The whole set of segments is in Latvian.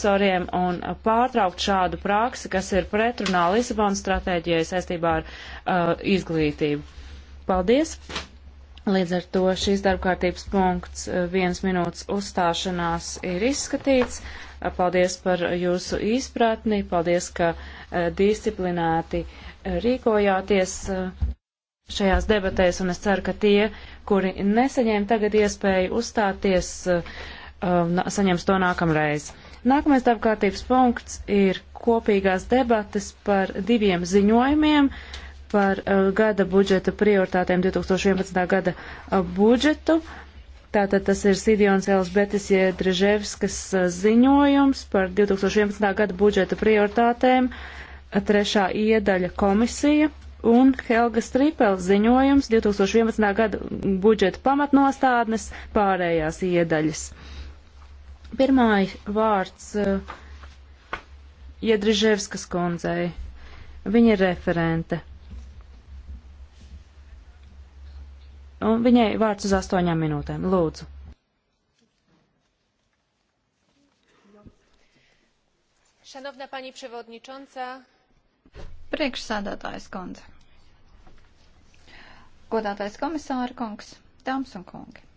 investoriem un pārtraukt šādu praksi, kas ir pretrunā Lisabonas stratēģijai saistībā ar uh, izglītību. Paldies! Līdz ar to šīs darbkārtības punkts uh, viens minūtes uzstāšanās ir izskatīts. Uh, paldies par jūsu izpratni, paldies, ka uh, disciplinēti rīkojāties šajās debatēs, un es ceru, ka tie, kuri nesaņēma tagad iespēju uzstāties, saņems to nākamreiz. Nākamais darbkārtības punkts ir kopīgās debates par diviem ziņojumiem par uh, gada budžeta prioritātēm 2011. gada uh, budžetu. Tātad tas ir Sidionas Elas Betisie Dreževskas uh, ziņojums par 2011. gada budžeta prioritātēm, uh, trešā iedaļa komisija un Helga Stripels ziņojums 2011. gada budžeta pamatnostādnes pārējās iedaļas. Uh, Pirmā vārds uh, eh, Iedriževskas kundzei. Viņa ir referente. Un viņai vārds uz astoņām minūtēm. Lūdzu. Šanovna pani prevodničonca. Priekšsādātājs kundze. Godātais komisāra kungs, dāmas un kungi.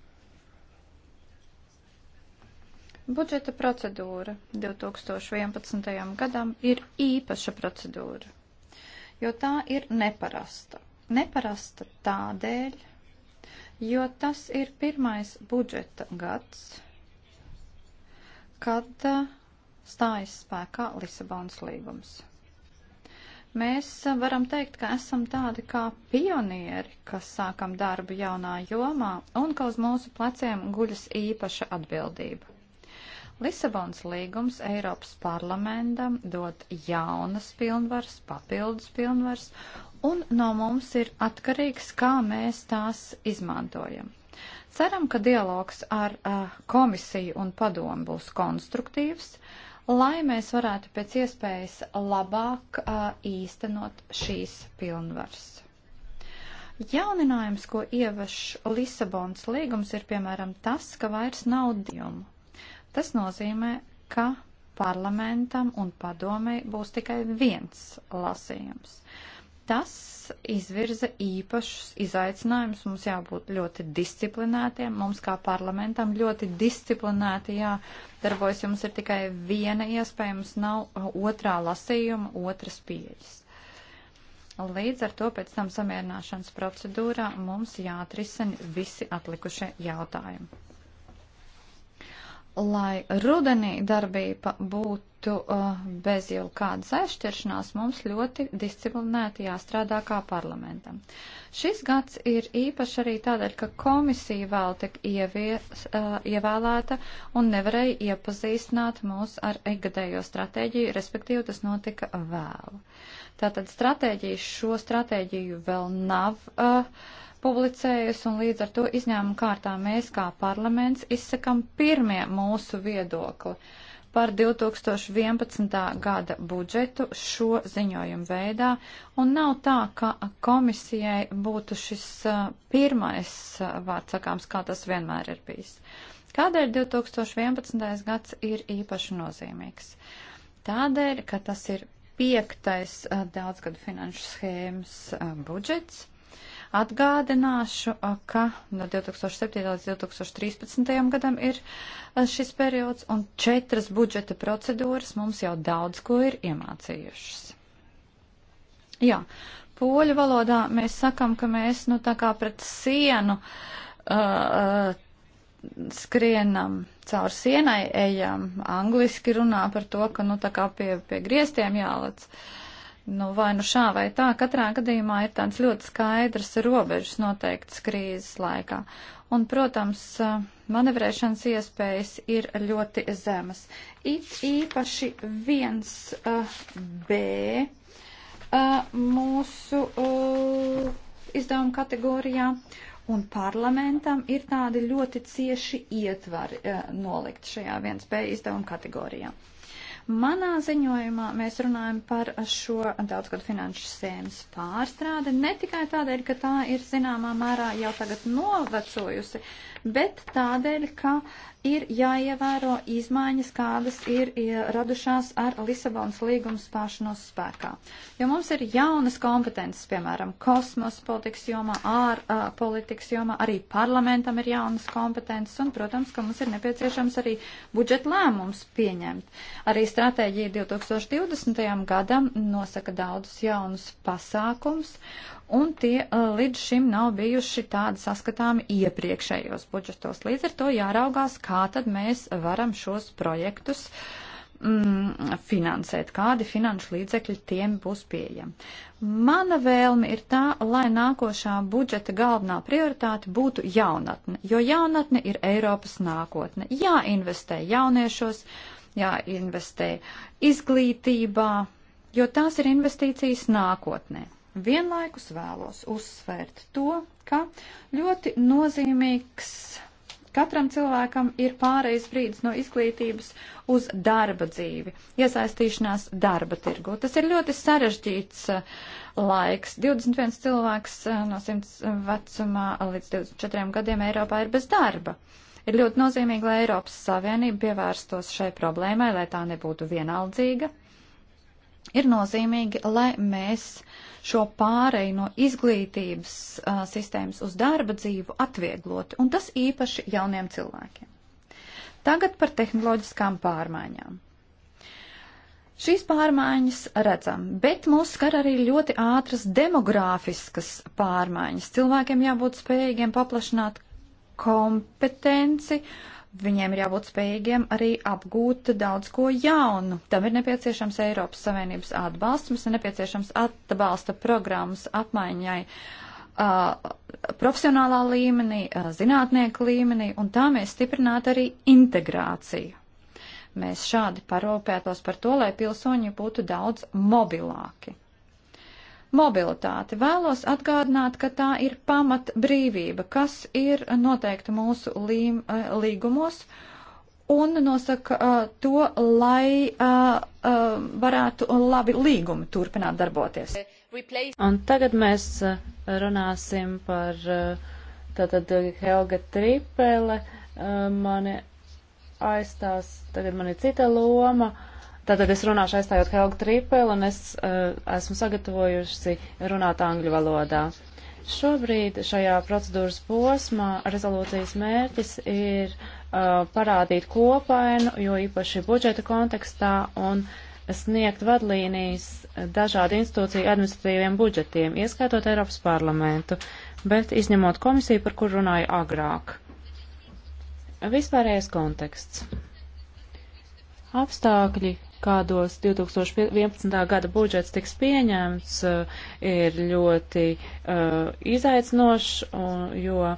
Budžeta procedūra 2011. gadam ir īpaša procedūra, jo tā ir neparasta. Neparasta tādēļ, jo tas ir pirmais budžeta gads, kad uh, stājas spēkā Lisabonas līgums. Mēs uh, varam teikt, ka esam tādi kā pionieri, kas sākam darbu jaunā jomā un ka uz mūsu pleciem guļas īpaša atbildība. Lisabons līgums Eiropas parlamentam dod jaunas pilnvaras, papildus pilnvaras, un no mums ir atkarīgs, kā mēs tās izmantojam. Ceram, ka dialogs ar uh, komisiju un padomu būs konstruktīvs, lai mēs varētu pēc iespējas labāk uh, īstenot šīs pilnvaras. Jauninājums, ko ieveš Lisabons līgums, ir piemēram tas, ka vairs nav dījumu. Tas nozīmē, ka parlamentam un padomei būs tikai viens lasījums. Tas izvirza īpašus izaicinājumus. Mums jābūt ļoti disciplinētiem. Mums kā parlamentam ļoti disciplinēti jādarbojas. Jums ir tikai viena iespēja, mums nav otrā lasījuma, otras pieejas. Līdz ar to pēc tam samierināšanas procedūrā mums jāatrisina visi atlikušie jautājumi lai rudenī darbība būtu uh, bez jau kādas aizšķiršanās, mums ļoti disciplinēti jāstrādā kā parlamentam. Šis gads ir īpaši arī tādēļ, ka komisija vēl tik ievies, uh, ievēlēta un nevarēja iepazīstināt mūs ar egadējo stratēģiju, respektīvi tas notika vēlu. Tātad stratēģijas šo stratēģiju vēl nav. Uh, publicējusi, un līdz ar to izņēmuma kārtā mēs kā parlaments izsakam pirmie mūsu viedokli par 2011. gada budžetu šo ziņojumu veidā, un nav tā, ka komisijai būtu šis pirmais vārds sakāms, kā tas vienmēr ir bijis. Kādēļ 2011. gads ir īpaši nozīmīgs? Tādēļ, ka tas ir piektais daudzgadu finanšu schēmas budžets Atgādināšu, ka no 2007. līdz 2013. gadam ir šis periods, un četras budžeta procedūras mums jau daudz ko ir iemācījušas. Jā, poļu valodā mēs sakam, ka mēs, nu, tā kā pret sienu uh, skrienam caur sienai, ejam, angliski runā par to, ka, nu, tā kā pie, pie griestiem jālec. Uh, Nu, vai nu šā vai tā, katrā gadījumā ir tāds ļoti skaidrs robežas noteikts krīzes laikā. Un, protams, eh, manevrēšanas iespējas ir ļoti zemas. It īpaši 1B eh, eh, mūsu izdevuma kategorijā, un parlamentam ir tādi ļoti cieši ietvari nolikt šajā 1B izdevuma kategorijā. Manā ziņojumā mēs runājam par šo daudzgadu finanšu sēmas pārstrādi, ne tikai tādēļ, ka tā ir zināmā mērā jau tagad novecojusi, bet tādēļ, ka ir jāievēro izmaiņas, kādas ir radušās ar Lisabonas līgumu spāšanos spēkā. Jo mums ir jaunas kompetences, piemēram, kosmos politikas jomā, ārpolitikas jomā, arī parlamentam ir jaunas kompetences, un, protams, ka mums ir nepieciešams arī budžeta lēmums pieņemt. Arī stratēģija 2020. gadam nosaka daudzus jaunus pasākums, un tie uh, līdz šim nav bijuši tādi saskatāmi iepriekšējos budžetos. Līdz ar to jāraugās, kā tad mēs varam šos projektus mm, finansēt, kādi finanšu līdzekļi tiem būs pieejami. Mana vēlme ir tā, lai nākošā budžeta galvenā prioritāte būtu jaunatne, jo jaunatne ir Eiropas nākotne. Jāinvestē jauniešos, jāinvestē izglītībā, jo tās ir investīcijas nākotnē. Vienlaikus vēlos uzsvērt to, ka ļoti nozīmīgs katram cilvēkam ir pārejas brīdis no izglītības uz darba dzīvi, iesaistīšanās darba tirgu. Tas ir ļoti sarežģīts uh, laiks. 21 cilvēks uh, no 100 vecumā līdz 24 gadiem Eiropā ir bez darba. Ir ļoti nozīmīgi, lai Eiropas Savienība pievērstos šai problēmai, lai tā nebūtu vienaldzīga. Ir nozīmīgi, lai mēs uh, šo pāreju no izglītības uh, sistēmas uz darba dzīvu atvieglot, un tas īpaši jauniem cilvēkiem. Tagad par tehnoloģiskām pārmaiņām. Šīs pārmaiņas redzam, bet mūs skar arī ļoti ātras demogrāfiskas pārmaiņas. Cilvēkiem jābūt spējīgiem paplašināt kompetenci, viņiem ir jābūt spējīgiem arī apgūt daudz ko jaunu. Tam ir nepieciešams Eiropas Savienības atbalsts, mums ir nepieciešams atbalsta programmas apmaiņai uh, profesionālā līmenī, uh, zinātnieku līmenī, un tā mēs stiprinātu arī integrāciju. Mēs šādi parūpētos par to, lai pilsoņi būtu daudz mobilāki mobilitāti. Vēlos atgādināt, ka tā ir pamat brīvība, kas ir noteikta mūsu līm, eh, līgumos un nosaka uh, to, lai uh, uh, varētu labi līgumi turpināt darboties. Un tagad mēs runāsim par tātad Helga Tripele. Mani aizstās, tagad man ir cita loma. Uh, Tātad es runāšu aizstājot Helgu Trīpeli un es uh, esmu sagatavojusi runāt angļu valodā. Šobrīd šajā procedūras posmā rezolūcijas mērķis ir uh, parādīt kopainu, jo īpaši budžeta kontekstā, un sniegt vadlīnijas dažādu institūciju administratīviem budžetiem, ieskaitot Eiropas parlamentu, bet izņemot komisiju, par kur runāju agrāk. Vispārējais konteksts. Apstākļi, kādos 2011. gada budžets tiks pieņemts, eh, ir ļoti uh, izaicinošs, un, jo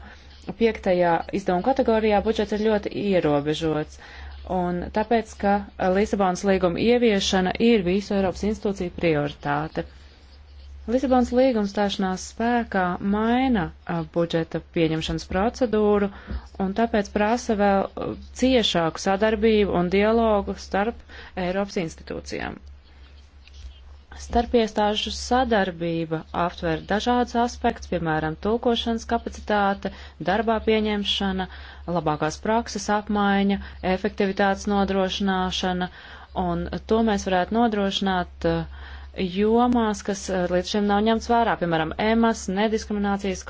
piektajā izdevuma kategorijā budžets ir ļoti ierobežots. Un tāpēc, ka Lisabonas līguma ieviešana ir visu Eiropas institūciju prioritāte. Uh, Lisabons līgums stāšanās spēkā maina a, budžeta pieņemšanas procedūru un tāpēc prasa vēl a, ciešāku sadarbību un dialogu starp Eiropas institūcijām. Starpiestāžu sadarbība aptver dažādas aspekts, piemēram, tulkošanas kapacitāte, darbā pieņemšana, labākās prakses apmaiņa, efektivitātes nodrošināšana, un to mēs varētu nodrošināt uh, jomās, kas eh, līdz šim nav ņemts vērā, piemēram, EMAS, nediskriminācijas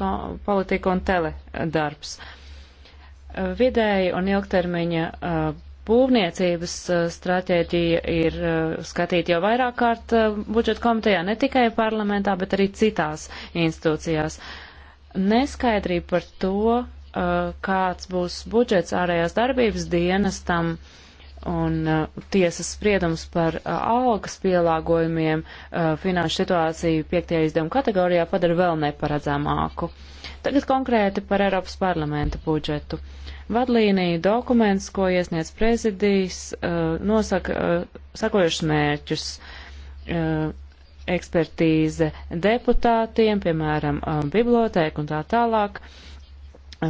politika un teledarbs. Eh, vidēji un ilgtermiņa eh, būvniecības stratēģija ir skatīta jau vairāk kārt budžeta komitejā, ne tikai parlamentā, bet arī citās institūcijās. Neskaidrība par to, kāds būs budžets ārējās darbības dienestam, tam Un uh, tiesas spriedums par uh, algas pielāgojumiem uh, finanšu situāciju piektajā izdevuma kategorijā padara vēl neparedzamāku. Tagad konkrēti par Eiropas parlamenta budžetu. Vadlīnija dokuments, ko iesniedz prezidijs, uh, nosaka uh, sakojušas mērķus. Uh, ekspertīze deputātiem, piemēram, uh, bibliotēku un tā tālāk. Uh,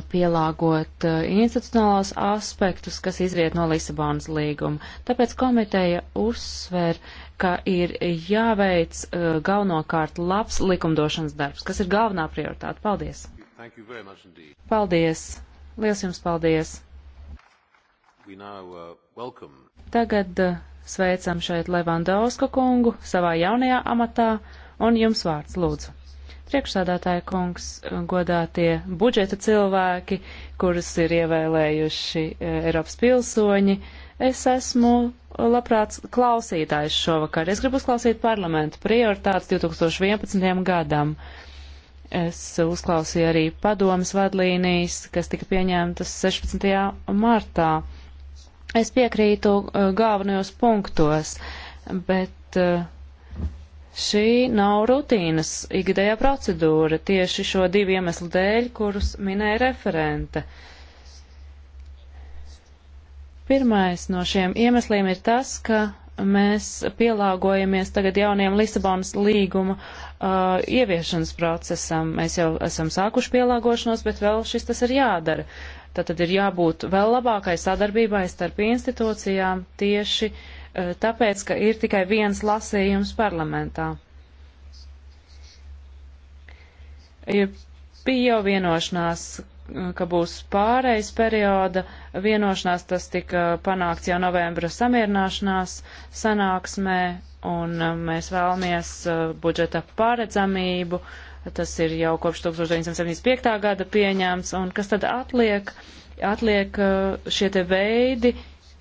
pielāgot eh, institucionālos aspektus, kas izriet no Lisabonas līguma. Tāpēc komiteja uzsver, ka ir jāveic eh, galvenokārt labs likumdošanas darbs, kas ir galvenā prioritāte. Paldies! Paldies! Liels jums paldies! Now, uh, Tagad uh, sveicam šeit Levandausku kungu savā jaunajā amatā un jums vārds lūdzu. Priekšsādātāja kungs, godātie budžeta cilvēki, kurus ir ievēlējuši e, Eiropas pilsoņi, es esmu labprāt klausītājs šovakar. Es gribu uzklausīt parlamentu prioritātes 2011. gadam. Es uzklausīju arī padomas vadlīnijas, kas tika pieņemtas 16. martā. Es piekrītu e, galvenajos punktos, bet uh, Šī nav rutīnas ikgadējā procedūra tieši šo divu iemeslu dēļ, kurus minēja referente. Pirmais no šiem iemesliem ir tas, ka mēs pielāgojamies tagad jauniem Lisabonas līguma uh, ieviešanas procesam. Mēs jau esam sākuši pielāgošanos, bet vēl šis tas ir jādara. Tātad ir jābūt vēl labākai sadarbībai starp institūcijām tieši uh, Eh, tāpēc, ka ir tikai viens lasījums parlamentā. Ir bija jau vienošanās, eh, ka būs pārejas perioda vienošanās, tas tika panākts jau novembra samierināšanās sanāksmē, un eh, mēs vēlamies budžeta paredzamību, tas ir jau kopš 1975. gada pieņēmts, un kas tad atliek? Atliek šie te veidi,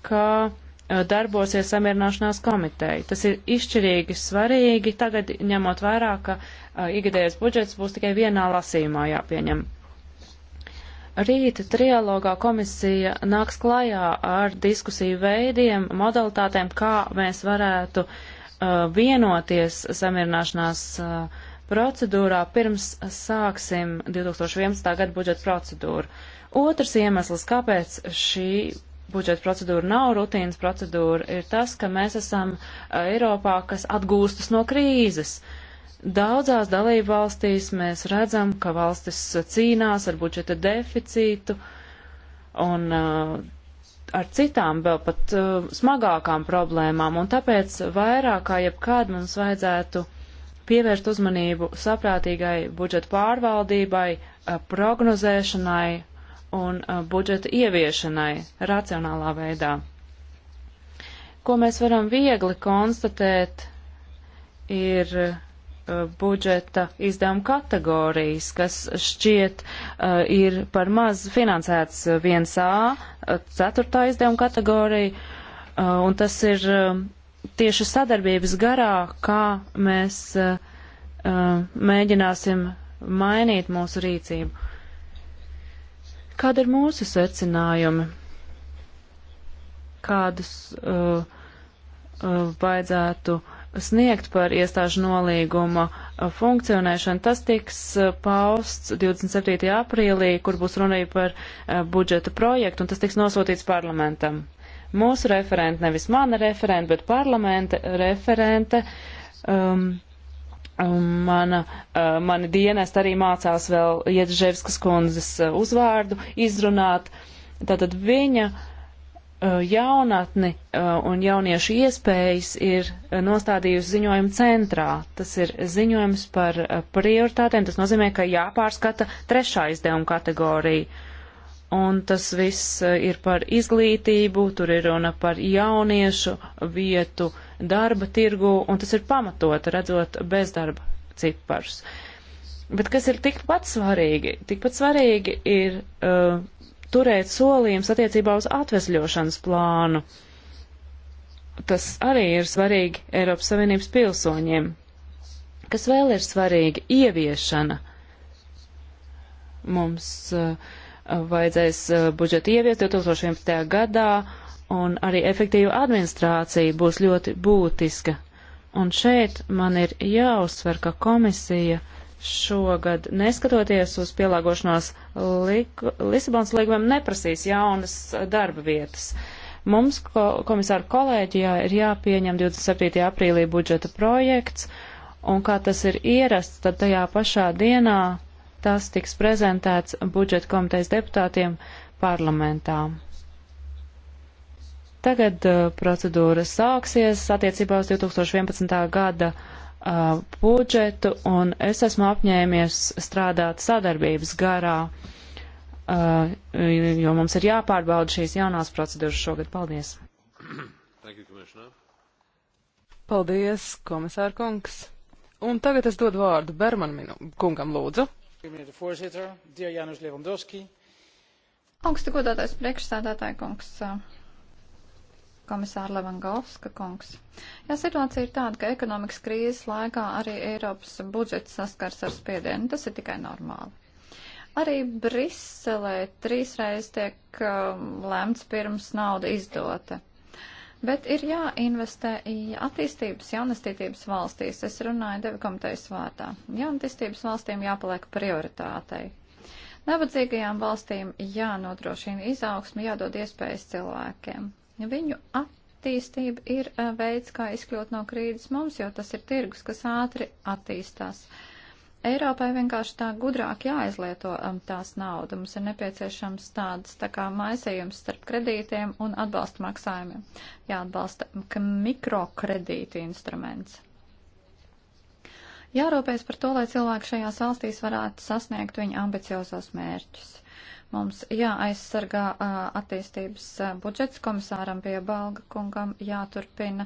ka Uh, darbosies samierināšanās komiteja. Tas ir izšķirīgi svarīgi, tagad ņemot vērā, ka uh, ikgadējais budžets būs tikai vienā lasījumā jāpieņem. Rīta trialogā komisija nāks klajā ar diskusiju veidiem, modalitātēm, kā mēs varētu uh, vienoties samierināšanās uh, procedūrā pirms sāksim 2011. gada budžeta procedūru. Otrs iemesls, kāpēc šī budžeta procedūra nav rutīnas procedūra, ir tas, ka mēs esam Eiropā, kas atgūstas no krīzes. Daudzās dalību valstīs mēs redzam, ka valstis cīnās ar budžeta deficītu un uh, ar citām vēl pat uh, smagākām problēmām, un tāpēc vairāk kā jebkād mums vajadzētu pievērst uzmanību saprātīgai budžeta pārvaldībai, uh, prognozēšanai, un uh, budžeta ieviešanai racionālā veidā. Ko mēs varam viegli konstatēt, ir uh, budžeta izdevuma kategorijas, kas šķiet uh, ir par maz finansēts 1A, uh, 4. izdevuma kategorija, uh, un tas ir uh, tieši sadarbības garā, kā mēs mēģināsim mainīt mūsu rīcību. Kāda ir mūsu secinājumi? Kādus uh, uh, vajadzētu sniegt par iestāžu nolīguma uh, funkcionēšanu. Tas tiks uh, pausts 27. aprīlī, kur būs runa par uh, budžeta projektu, un tas tiks nosūtīts parlamentam. Mūsu referente, nevis mana referente, bet parlamenta referente, um, Mana, eh, mani dienest arī mācās vēl Iedževskas kundzes eh, uzvārdu izrunāt. Tātad viņa eh, jaunatni un jauniešu iespējas ir nostādījusi ziņojumu centrā. Tas ir ziņojums par prioritātēm. Tas nozīmē, ka jāpārskata trešā izdevuma kategorija un tas viss eh, ir par izglītību, tur ir runa par jauniešu vietu darba tirgu, un tas ir pamatot, redzot bezdarba ciparus. Bet kas ir tikpat svarīgi? Tikpat svarīgi ir uh, turēt solījums attiecībā uz atvesļošanas plānu. Tas arī ir svarīgi Eiropas Savienības pilsoņiem. Kas vēl ir svarīgi? Ieviešana. Mums uh, Uh, vajadzēs uh, budžetu ieviest 2011. gadā, un arī efektīva administrācija būs ļoti būtiska. Un šeit man ir jāuzsver, ka komisija šogad, neskatoties uz pielāgošanos Lisabonas līgumam, neprasīs jaunas uh, darba vietas. Mums ko, komisāru kolēģijā ir jāpieņem 27. aprīlī budžeta projekts, un kā tas ir ierasts, tad tajā pašā dienā tas tiks prezentēts budžeta komitejas deputātiem parlamentā. Tagad uh, procedūra sāksies attiecībā uz 2011. gada uh, budžetu, un es esmu apņēmies strādāt sadarbības garā, uh, jo mums ir jāpārbauda šīs jaunās procedūras šogad. Paldies! You, Paldies, komisārkungs! Un tagad es dodu vārdu Bermanam kungam, lūdzu. Voorzitter, dear Janus Levandovski. Augstu godātais priekšsādātāja kungs, komisāra Levangovska kungs. Jā, situācija ir tāda, ka ekonomikas krīzes laikā arī Eiropas budžets saskars ar spiedienu. Tas ir tikai normāli. Arī Briselē trīsreiz tiek um, lēmts pirms nauda izdota. Bet ir jāinvestē attīstības jaunatīstības valstīs. Es runāju devu komitejas vārdā. Jaunatīstības valstīm jāpaliek prioritātei. Nabadzīgajām valstīm jānodrošina izaugsmi, jādod iespējas cilvēkiem. Viņu attīstība ir eh, veids, kā izkļūt no krīzes mums, jo tas ir tirgus, kas ātri attīstās. Uh, Eiropai vienkārši tā gudrāk jāizlieto um, tās naudu. Mums ir nepieciešams tāds tā kā maisījums starp kredītiem un atbalsta maksājumiem. Jāatbalsta mikrokredīti instruments. Jārūpēs par to, lai cilvēki šajās valstīs varētu sasniegt viņa ambiciozos mērķus. Mums jāaizsargā attīstības budžets komisāram pie Balga kungam, jāturpina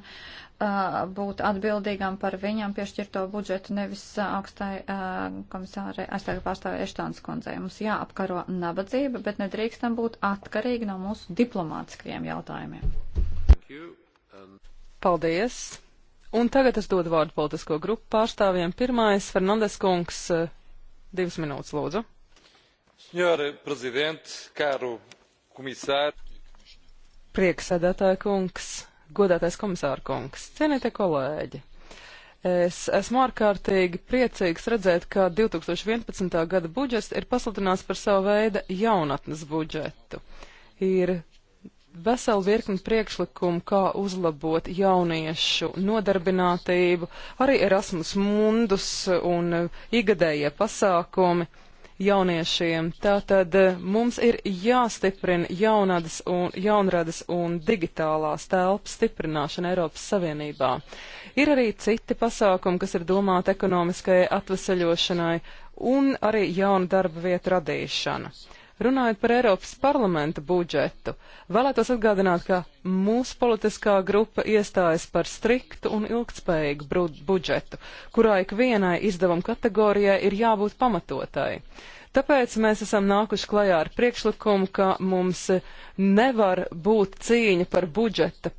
būt atbildīgam par viņam piešķirto budžetu, nevis augstai komisārai, aizstāvju pārstāvju Eštāns kundzei. Mums jāapkaro nabadzība, bet nedrīkstam būt atkarīgi no mūsu diplomātiskajiem jautājumiem. Paldies! Un tagad es dodu vārdu politisko grupu pārstāvjiem. Pirmais, Fernandes kungs, divas minūtes lūdzu. Senhora Presidente, caro komisār. Prieksēdētāja kungs, godātais komisāra kungs, cienītie kolēģi. Es esmu ārkārtīgi priecīgs redzēt, ka 2011. gada budžets ir pasludināts par savu veidu jaunatnes budžetu. Ir vesela virkni priekšlikumu, kā uzlabot jauniešu nodarbinātību, arī Erasmus mundus un igadējie pasākumi jauniešiem. Tātad eh, mums ir jāstiprina jaunadas un, jaunradas un digitālās telpas stiprināšana Eiropas Savienībā. Ir arī citi pasākumi, kas ir domāti ekonomiskajai atveseļošanai un arī jaunu darba vietu radīšana. Runājot par Eiropas parlamenta budžetu, vēlētos atgādināt, ka mūsu politiskā grupa iestājas par striktu un ilgtspējīgu budžetu, kurā ik vienai izdevuma kategorijai ir jābūt pamatotai. Tāpēc mēs esam nākuši klajā ar priekšlikumu, ka mums nevar būt cīņa par budžeta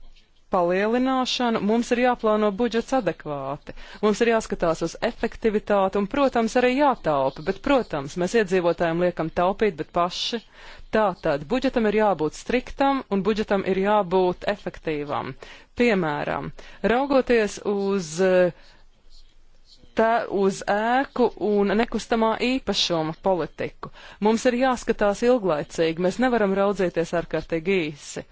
palielināšanu, mums ir jāplāno budžets adekvāti. Mums ir jāskatās uz efektivitāti un, protams, arī jātaupa, bet, protams, mēs iedzīvotājiem liekam taupīt, bet paši. Tātad budžetam ir jābūt striktam un budžetam ir jābūt efektīvam. Piemēram, raugoties uz uh, te uz ēku un nekustamā īpašuma politiku. Mums ir jāskatās ilglaicīgi, mēs nevaram raudzīties ārkārtīgi īsi.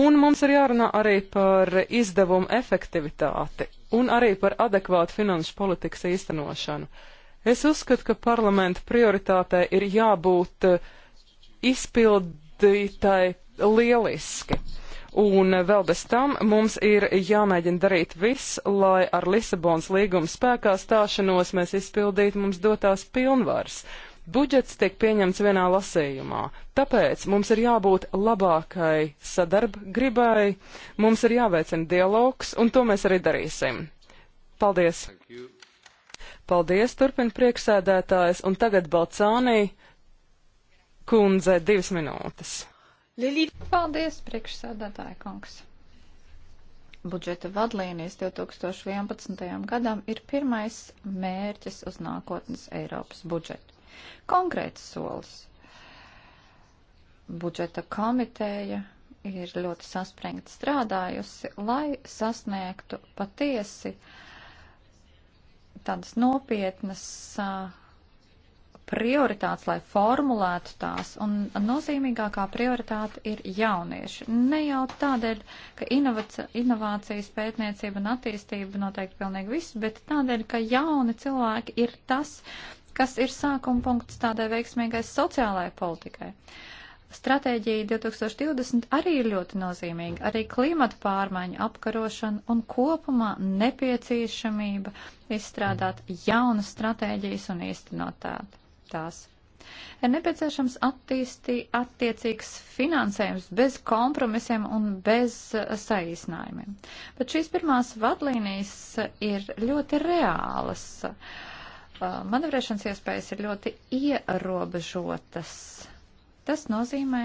Un mums ir jārunā arī par izdevumu efektivitāti un arī par adekvātu finanšu politikas īstenošanu. Es uzskatu, ka parlamenta prioritātei ir jābūt izpildītai lieliski. Un vēl bez tam mums ir jāmēģina darīt viss, lai ar Lisabonas līguma spēkā stāšanos mēs izpildītu mums dotās pilnvaras. Budžets tiek pieņemts vienā lasījumā, tāpēc mums ir jābūt labākai sadarba gribai, mums ir jāveicina dialogs, un to mēs arī darīsim. Paldies! Paldies, turpina prieksēdētājs, un tagad Balcānī kundze divas minūtes. Lilija. Paldies, priekšsēdētāja kungs. Budžeta vadlīnijas 2011. gadam ir pirmais mērķis uz nākotnes Eiropas budžetu. Konkrēts solis. Budžeta komiteja ir ļoti saspringti strādājusi, lai sasniegtu patiesi tādas nopietnas uh, prioritātes, lai formulētu tās, un nozīmīgākā prioritāte ir jaunieši. Ne jau tādēļ, ka inovācijas pētniecība un attīstība noteikti pilnīgi viss, bet tādēļ, ka jauni cilvēki ir tas, kas ir sākuma punkts tādai veiksmīgai sociālajai politikai. Stratēģija 2020 arī ir ļoti nozīmīga, arī klimata pārmaiņu apkarošana un kopumā nepieciešamība izstrādāt jaunas stratēģijas un īstenot tādu tās. Ir nepieciešams attīstī, attiecīgs finansējums bez kompromisiem un bez eh, saīsinājumiem. Bet šīs pirmās vadlīnijas eh, ir ļoti reālas. Eh, manevrēšanas iespējas ir ļoti ierobežotas. Tas nozīmē,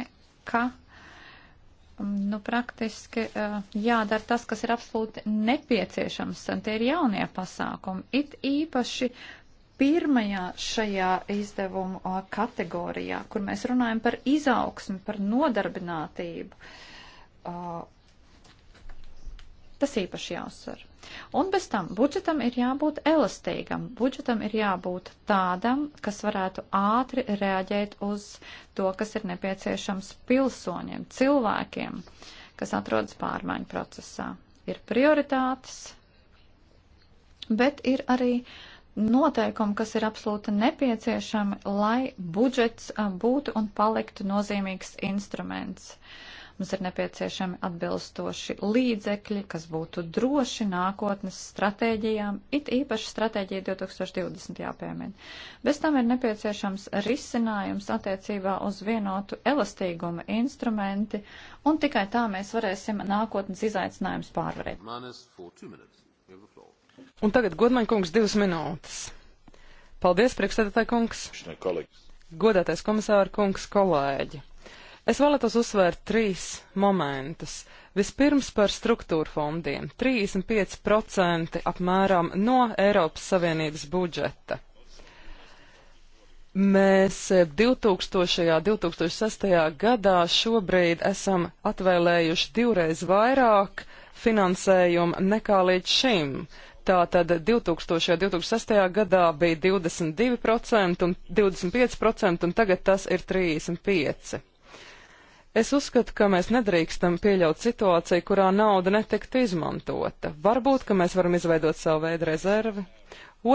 ka mm, nu, praktiski jādara tas, kas ir absolūti nepieciešams, un tie ir jaunie pasākumi. It īpaši pirmajā šajā izdevumu kategorijā, kur mēs runājam par izaugsmi, par nodarbinātību. Tas īpaši jāuzsver. Un bez tam budžetam ir jābūt elastīgam, budžetam ir jābūt tādam, kas varētu ātri reaģēt uz to, kas ir nepieciešams pilsoņiem, cilvēkiem, kas atrodas pārmaiņu procesā. Ir prioritātes, bet ir arī uh, noteikumi, kas ir absolūti nepieciešami, lai budžets būtu un paliktu nozīmīgs instruments. Mums ir nepieciešami atbilstoši līdzekļi, kas būtu droši nākotnes stratēģijām, it īpaši stratēģija 2020. jāpiemina. Bez tam ir nepieciešams risinājums attiecībā uz vienotu elastīguma instrumenti, un tikai tā mēs varēsim nākotnes izaicinājums pārvarēt. Un tagad godmaņa kungs divas minūtes. Paldies, priekšstādātāja kungs. Godātais komisāra kungs, kolēģi. Es vēlētos uzsvērt trīs momentus. Vispirms par struktūru fondiem - 35% apmēram no Eiropas Savienības budžeta. Mēs 2000. un 2006. gadā šobrīd esam atvēlējuši divreiz vairāk finansējumu nekā līdz šim. Tātad 2000. un 2006. gadā bija 22% un 25%, un tagad tas ir 35%. Es uzskatu, ka mēs nedrīkstam pieļaut situāciju, kurā nauda netiktu izmantota. Varbūt, ka mēs varam izveidot savu veidu rezervi.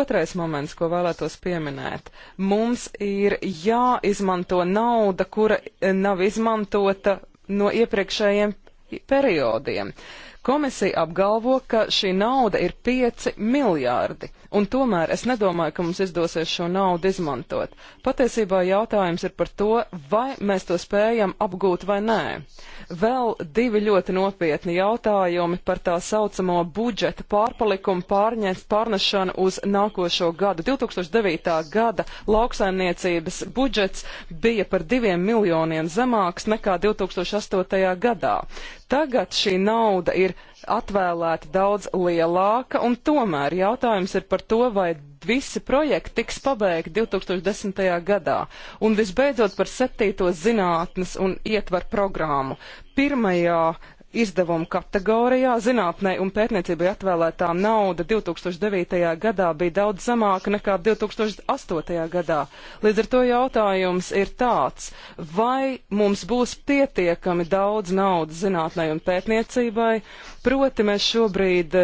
Otrais moments, ko vēlētos pieminēt. Mums ir jāizmanto nauda, kura nav izmantota no iepriekšējiem periodiem. Komisija apgalvo, ka šī nauda ir 5 miljārdi, un tomēr es nedomāju, ka mums izdosies šo naudu izmantot. Patiesībā jautājums ir par to, vai mēs to spējam apgūt vai nē. Vēl divi ļoti nopietni jautājumi par tā saucamo budžeta pārpalikumu pārņēst pārnešanu uz nākošo gadu. 2009. gada lauksaimniecības budžets bija par diviem miljoniem zemāks nekā 2008. gadā. Tagad šī nauda ir atvēlēta daudz lielāka, un tomēr jautājums ir par to, vai visi projekti tiks pabeigti 2010. gadā. Un visbeidzot par septīto zinātnes un ietver programmu. Pirmajā izdevumu kategorijā zinātnē un pētniecībai atvēlētā nauda 2009. gadā bija daudz zemāka nekā 2008. gadā. Līdz ar to jautājums ir tāds, vai mums būs pietiekami daudz naudas zinātnē un pētniecībai, proti mēs šobrīd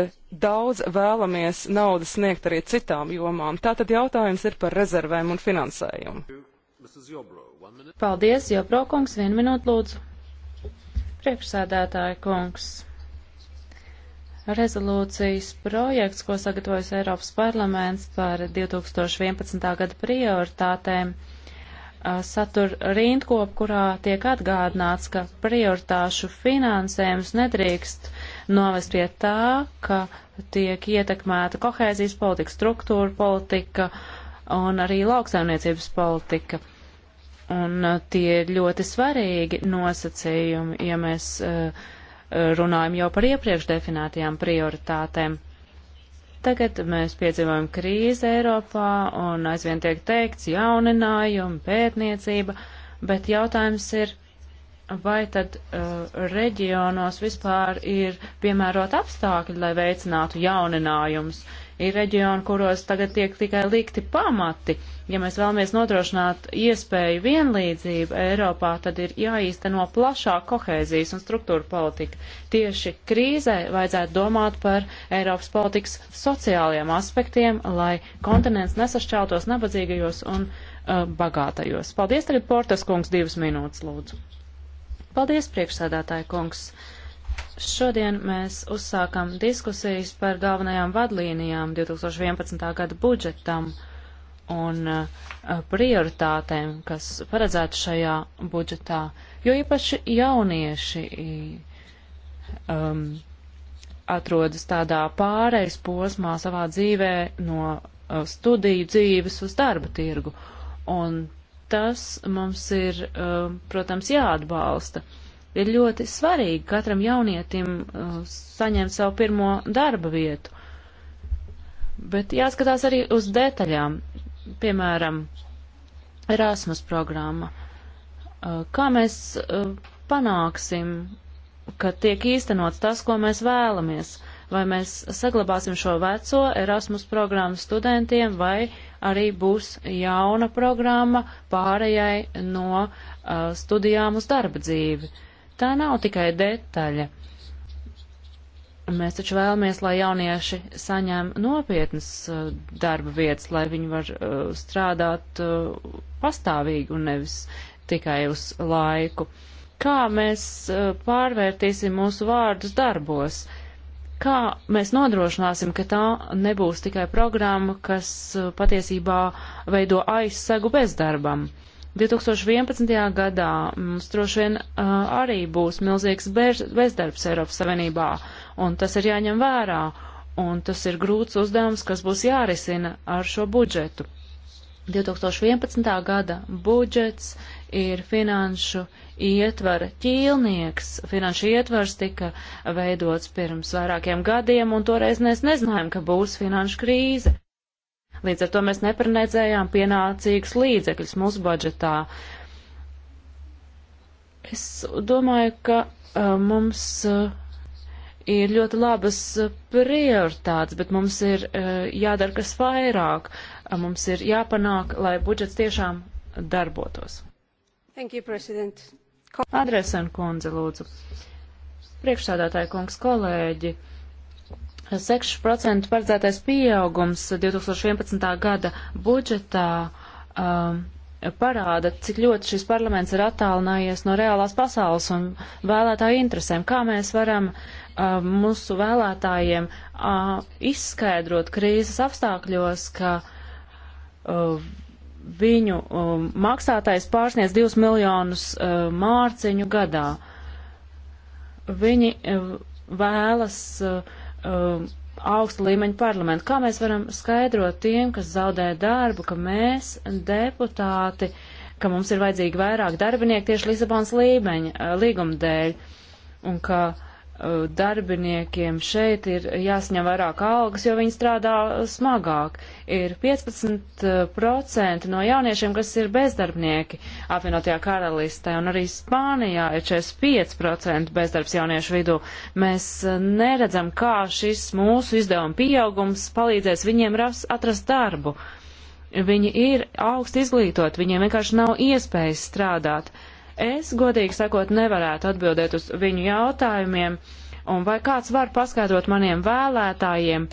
daudz vēlamies naudas sniegt arī citām jomām. Tātad jautājums ir par rezervēm un finansējumu. Paldies, Jobro kungs, vienu minūtu lūdzu. Priekšsēdētāja kungs. Rezolūcijas projekts, ko sagatavojas Eiropas parlaments par 2011. gada prioritātēm, satur rindkopu, kurā tiek atgādināts, ka prioritāšu finansējums nedrīkst novest pie tā, ka tiek ietekmēta kohēzijas politika, struktūra politika un arī lauksaimniecības politika. Un uh, tie ir ļoti svarīgi nosacījumi, ja mēs uh, uh, runājam jau par iepriekš definētajām prioritātēm. Tagad mēs piedzīvojam krīzi Eiropā un aizvien tiek teikts jauninājumi, pētniecība, bet jautājums ir, vai tad uh, reģionos vispār ir piemērot apstākļi, lai veicinātu jauninājumus. Uh, ir reģioni, kuros tagad tiek tikai likti pamati. Ja mēs vēlamies nodrošināt iespēju vienlīdzību Eiropā, tad ir jāīsteno plašā kohēzijas un struktūra politika. Tieši krīzē vajadzētu domāt par Eiropas politikas sociālajiem aspektiem, lai kontinents nesašķeltos nabadzīgajos un uh, bagātajos. Paldies, tagad Portas kungs, divas minūtes lūdzu. Paldies, priekšsēdētāja kungs. Uh, Šodien mēs uzsākam diskusijas par galvenajām vadlīnijām 2011. gada budžetam un eh, prioritātēm, kas paredzētu šajā budžetā, jo īpaši jaunieši um, atrodas tādā pārejas posmā savā dzīvē no eh, studiju dzīves uz darba tirgu. Un tas mums ir, um, protams, jāatbalsta. Uh, ir ļoti svarīgi katram jaunietim uh, saņemt savu pirmo darba vietu. Bet jāskatās arī uz detaļām, piemēram, Erasmus programma. Uh, kā mēs uh, panāksim, ka tiek īstenots tas, ko mēs vēlamies? Vai mēs saglabāsim šo veco Erasmus programmu studentiem, vai arī būs jauna programma pārējai no uh, studijām uz darba dzīvi? Uh, Tā nav tikai detaļa. Mēs taču vēlamies, lai jaunieši saņem nopietnas uh, darba vietas, lai viņi var uh, strādāt uh, pastāvīgi un nevis tikai uz laiku. Kā mēs uh, pārvērtīsim mūsu vārdus darbos? Kā mēs nodrošināsim, ka tā nebūs tikai programma, kas uh, patiesībā veido aizsegu bezdarbam? 2011. gadā mums droši vien uh, arī būs milzīgs bezdarbs Eiropas Savienībā, un tas ir jāņem vērā, un tas ir grūts uzdevums, kas būs jārisina ar šo budžetu. 2011. gada budžets ir finanšu ietvara ķīlnieks. Finanšu ietvars tika veidots pirms vairākiem gadiem, un toreiz mēs nezinājām, ka būs finanšu krīze. Līdz ar to mēs neprenedzējām pienācīgus līdzekļus mūsu budžetā. Es domāju, ka uh, mums. Uh, ir ļoti labas uh, prioritātes, bet mums ir uh, jādara kas vairāk. Uh, mums ir jāpanāk, lai budžets tiešām darbotos. Thank you, President. Adresen kundze, lūdzu. Priekšsādātāji kungs, kolēģi. 6% paredzētais pieaugums 2011. gada budžetā um, parāda, cik ļoti šis parlaments ir attālinājies no reālās pasaules un vēlētāju interesēm. Kā mēs varam uh, mūsu vēlētājiem uh, izskaidrot krīzes apstākļos, ka uh, viņu uh, um, maksātais pārsniedz 2 miljonus uh, mārciņu gadā. Viņi uh, vēlas. Uh, um, augsta līmeņa parlamentu. Kā mēs varam skaidrot tiem, kas zaudē darbu, ka mēs, deputāti, ka mums ir vajadzīgi vairāk darbinieku tieši Lisabonas līmeņa uh, līguma dēļ un ka uh, darbiniekiem šeit ir jāsņem vairāk algas, jo viņi strādā smagāk. Ir 15% no jauniešiem, kas ir bezdarbnieki apvienotajā karalistē, un arī Spānijā ir 45% bezdarbs jauniešu vidū. Mēs neredzam, kā šis mūsu izdevuma pieaugums palīdzēs viņiem atrast darbu. Viņi ir augsti izglītot, viņiem vienkārši nav iespējas strādāt. Uh, Es, godīgi sakot, nevarētu atbildēt uz viņu jautājumiem, un vai kāds var paskaidrot maniem vēlētājiem,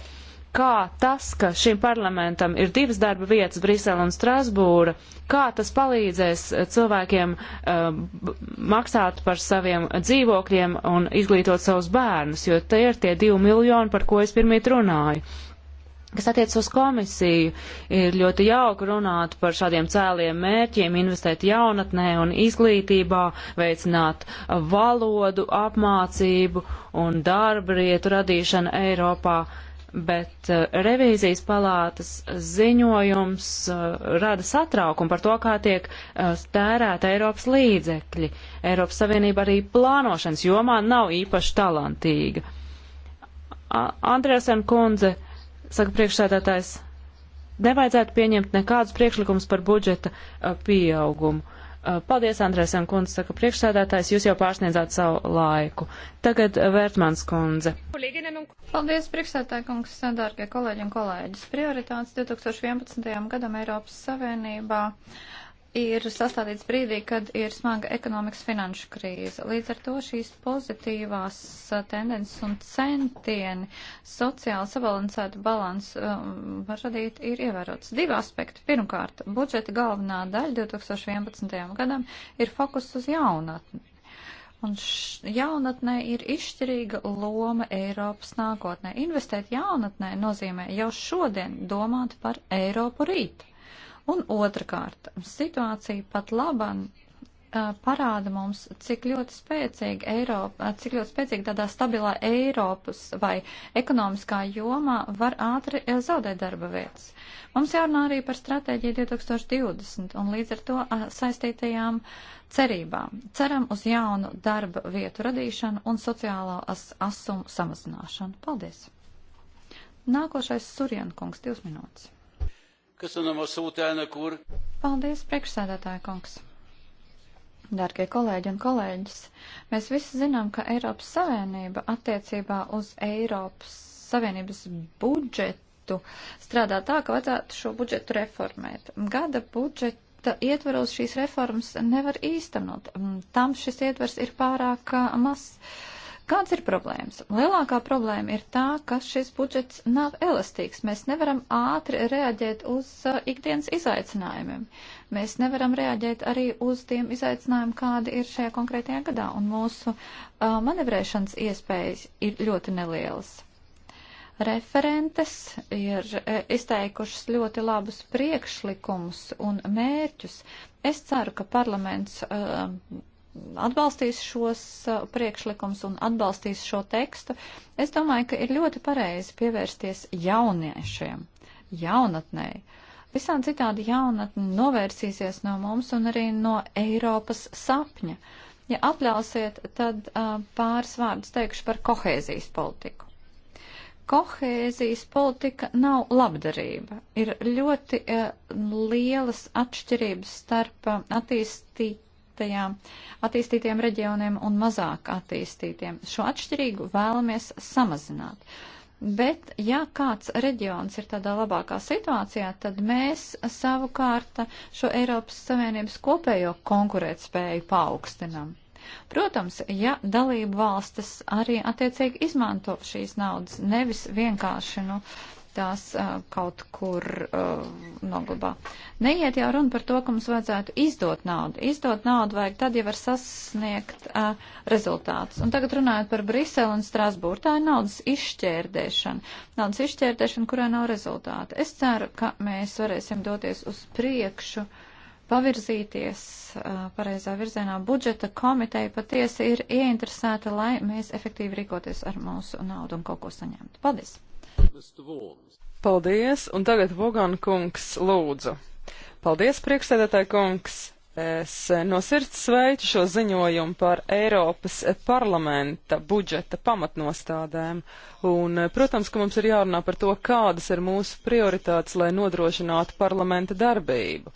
kā tas, ka šim parlamentam ir divas darba vietas, Brisele un Strasbūra, kā tas palīdzēs cilvēkiem uh, maksāt par saviem dzīvokļiem un izglītot savus bērnus, jo tie ir tie divi miljoni, par ko es pirmīt runāju. Kas attiec uz komisiju, ir ļoti jauki runāt par šādiem cēliem mērķiem, investēt jaunatnē un izglītībā, veicināt valodu apmācību un darba rietu radīšanu Eiropā, bet eh, revīzijas palātas ziņojums eh, rada satraukumu par to, kā tiek eh, tērēta Eiropas līdzekļi. Eiropas Savienība arī plānošanas jomā nav īpaši talantīga. Andrēsen kundze saka priekšsēdētājs, nevajadzētu pieņemt nekādus priekšlikumus par budžeta pieaugumu. Paldies, Andrēsam kundze, saka priekšsēdētājs, jūs jau pārsniedzāt savu laiku. Tagad Vērtmans kundze. Paldies, priekšsēdētāja kungs, dārgie kolēģi un kolēģis. Prioritātes 2011. gadam Eiropas Savienībā. Uh, ir sastādīts brīdī, kad ir smaga ekonomikas finanšu krīze. Līdz ar to šīs pozitīvās tendences un centieni sociāli sabalansētu balansu um, var radīt ir ievērots. Divi aspekti. Pirmkārt, budžeta galvenā daļa 2011. gadam ir fokus uz jaunatni. Un jaunatnē ir izšķirīga loma Eiropas nākotnē. Investēt jaunatnē nozīmē jau šodien domāt par Eiropu rītu Un otrkārt, situācija pat laban parāda mums, cik ļoti spēcīgi Eiropa, cik ļoti spēcīgi tādā stabilā Eiropas vai ekonomiskā jomā var ātri zaudēt darba vietas. Mums jārunā arī par stratēģiju 2020 un līdz ar to saistītajām cerībām. Ceram uz jaunu darba vietu radīšanu un sociālo as asumu samazināšanu. Paldies! Nākošais Surjankungs, divas minūtes. Köszönöm a szót, elnök úr! Paldies, priekšsēdētāja kungs! Dārgie kolēģi un kolēģis, mēs visi zinām, ka Eiropas Savienība attiecībā uz Eiropas Savienības budžetu strādā tā, ka vajadzētu šo budžetu reformēt. Gada budžeta ietvaros šīs reformas nevar īstenot. Tam šis ietvers ir pārāk uh, mazs Kāds ir problēmas? Lielākā problēma ir tā, ka šis budžets nav elastīgs. Mēs nevaram ātri reaģēt uz uh, ikdienas izaicinājumiem. Mēs nevaram reaģēt arī uz tiem izaicinājumiem, kādi ir šajā konkrētajā gadā, un mūsu uh, manevrēšanas iespējas ir ļoti nelielas referentes ir uh, izteikušas ļoti labus priekšlikumus un mērķus. Es ceru, ka parlaments uh, atbalstīs šos uh, priekšlikums un atbalstīs šo tekstu, es domāju, ka ir ļoti pareizi pievērsties jauniešiem, jaunatnēji. Visādi citādi jaunatne novērsīsies no mums un arī no Eiropas sapņa. Ja atļausiet, tad uh, pāris vārdus teikšu par kohēzijas politiku. Kohēzijas politika nav labdarība. Ir ļoti uh, lielas atšķirības starp uh, attīstīt attīstītajām, attīstītiem reģioniem un mazāk attīstītiem. Šo atšķirīgu vēlamies samazināt. Bet, ja kāds reģions ir tādā labākā situācijā, tad mēs savukārt šo Eiropas Savienības kopējo konkurētspēju paaugstinam. Protams, ja dalību valstis arī attiecīgi izmanto šīs naudas, nevis vienkārši, nu, uh, tās uh, kaut kur uh, noglabā. Neiet jau runa par to, ka mums vajadzētu izdot naudu. Izdot naudu vajag tad, ja var sasniegt uh, rezultātus. Un tagad runājot par Briselu un Strasbūru, tā ir naudas izšķērdēšana. Naudas izšķērdēšana, kurā nav rezultāta. Es ceru, ka mēs varēsim doties uz priekšu. Uh, pavirzīties uh, pareizā virzienā. Budžeta komiteja patiesi ir ieinteresēta, lai mēs efektīvi rīkoties ar mūsu naudu un kaut ko saņemtu. Paldies! Paldies, un tagad Vogan kungs lūdzu. Paldies, priekšsēdētāji kungs. Es no sirds sveicu šo ziņojumu par Eiropas parlamenta budžeta pamatnostādēm. Un, protams, ka mums ir jārunā par to, kādas ir mūsu prioritātes, lai nodrošinātu parlamenta darbību.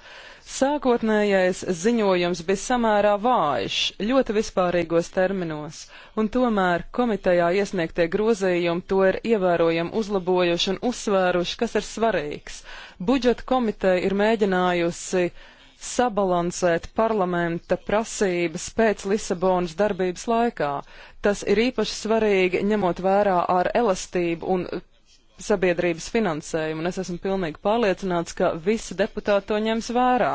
Sākotnējais ziņojums bija samērā vājš, ļoti vispārīgos terminos, un tomēr komitejā iesniegtie grozījumi to ir ievērojami uzlabojuši un uzsvēruši, kas ir svarīgs. Budžeta komiteja ir mēģinājusi uh, sabalansēt parlamenta prasības pēc Lisabonas darbības laikā. Tas ir īpaši svarīgi ņemot vērā ar elastību un sabiedrības finansējumu, un es esmu pilnīgi pārliecināts, ka visi deputāti to ņems vērā.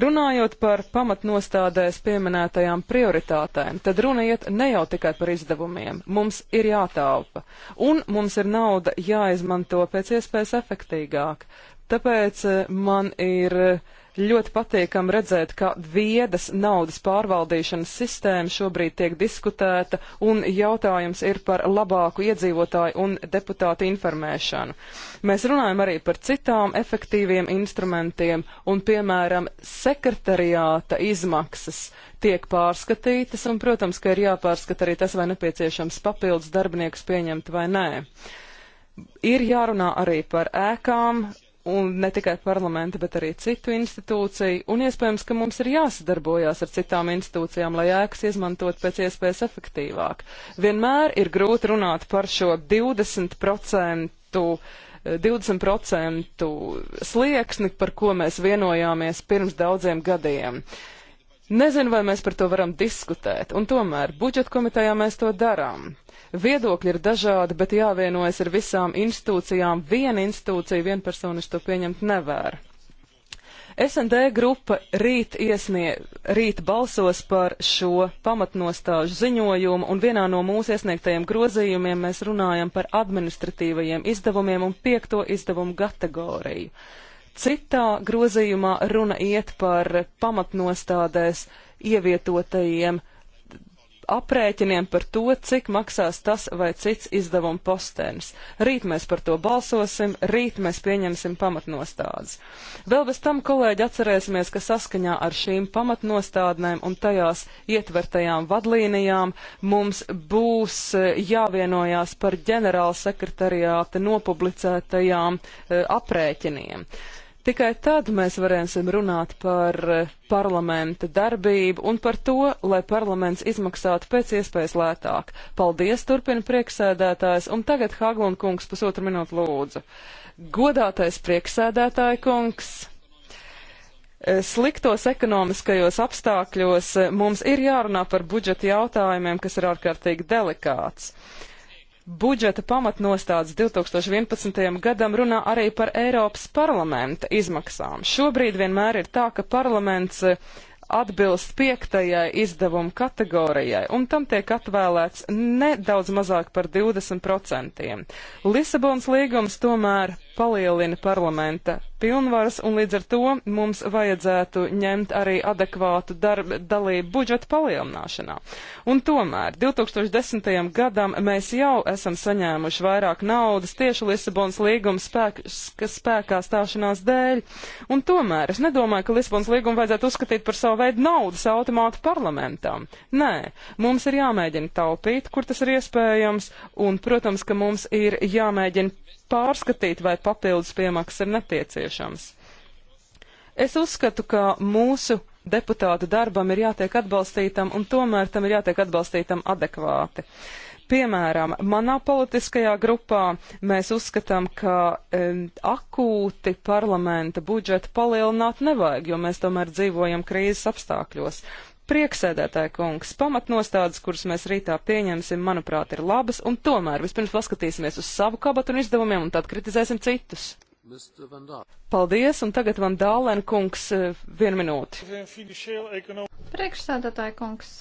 Runājot par pamatnostādēs pieminētajām prioritātēm, tad runa iet ne jau tikai par izdevumiem. Mums ir jātaupa, un mums ir nauda jāizmanto pēc iespējas efektīgāk. Tāpēc eh, man ir uh, Ļoti patīkam redzēt, ka viedas naudas pārvaldīšanas sistēma šobrīd tiek diskutēta un jautājums ir par labāku iedzīvotāju un deputātu informēšanu. Mēs runājam arī par citām efektīviem instrumentiem un, piemēram, sekretariāta izmaksas tiek pārskatītas un, protams, ka ir jāpārskata arī tas, vai nepieciešams papildus darbiniekus pieņemt vai nē. Ir jārunā arī par ēkām, un ne tikai parlamenta, bet arī citu institūciju, un iespējams, ka mums ir jāsadarbojās ar citām institūcijām, lai ēkas izmantot pēc iespējas efektīvāk. Vienmēr ir grūti runāt par šo 20%, 20 eh, slieksni, par ko mēs vienojāmies pirms daudziem gadiem. Uh, Nezinu, vai mēs par to varam diskutēt, un tomēr budžeta komitejā mēs to darām. Viedokļi ir dažādi, bet jāvienojas ar visām institūcijām. Viena institūcija vienpersoniski to pieņemt nevēra. SND grupa rīt, iesnie, rīt balsos par šo pamatnostāžu ziņojumu, un vienā no mūsu iesniegtajiem grozījumiem mēs runājam par administratīvajiem izdevumiem un piekto izdevumu kategoriju. Uh, Citā grozījumā runa iet par pamatnostādēs ievietotajiem aprēķiniem par to, cik maksās tas vai cits izdevuma postenis. Rīt mēs par to balsosim, rīt mēs pieņemsim pamatnostādes. Vēl bez tam, kolēģi, atcerēsimies, ka saskaņā ar šīm pamatnostādnēm un tajās ietvertajām vadlīnijām mums būs e, jāvienojās par ģenerāla sekretariāta nopublicētajām e, aprēķiniem. Uh, Tikai tad mēs varēsim runāt par eh, parlamenta darbību un par to, lai parlaments izmaksātu pēc iespējas lētāk. Paldies, turpina prieksēdētājs, un tagad Haglund kungs pusotru minūtu lūdzu. Godātais prieksēdētāja kungs! Eh, sliktos ekonomiskajos apstākļos eh, mums ir jārunā par budžeta jautājumiem, kas ir ārkārtīgi delikāts. Uh, Budžeta pamatnostādes 2011. gadam runā arī par Eiropas parlamenta izmaksām. Šobrīd vienmēr ir tā, ka parlaments eh, atbilst piektajai izdevuma kategorijai, un tam tiek atvēlēts nedaudz mazāk par 20%. Lisabons līgums tomēr palielina parlamenta pilnvaras, un līdz ar to mums vajadzētu ņemt arī adekvātu darba dalību budžeta palielināšanā. Un tomēr 2010. gadam mēs jau esam saņēmuši vairāk naudas tieši Lisabonas līguma spēk, spēkā stāšanās dēļ, un tomēr es nedomāju, ka Lisabonas līgumu vajadzētu uzskatīt par savu veidu naudas automātu parlamentam. Nē, mums ir jāmēģina taupīt, kur tas ir iespējams, un, protams, ka mums ir jāmēģina pārskatīt, vai papildus piemaksas ir nepieciešams. Es uzskatu, ka mūsu deputātu darbam ir jātiek atbalstītam, un tomēr tam ir jātiek atbalstītam adekvāti. Piemēram, manā politiskajā grupā mēs uzskatām, ka e, akūti parlamenta budžeta palielināt nevajag, jo mēs tomēr dzīvojam krīzes apstākļos. Prieksēdētāja kungs, pamatnostādes, kuras mēs rītā pieņemsim, manuprāt, ir labas, un tomēr vispirms paskatīsimies uz savu kabatu un izdevumiem, un tad kritizēsim citus. Paldies, un tagad man Dālēna kungs eh, vienu minūti. Priekšsēdētāja kungs,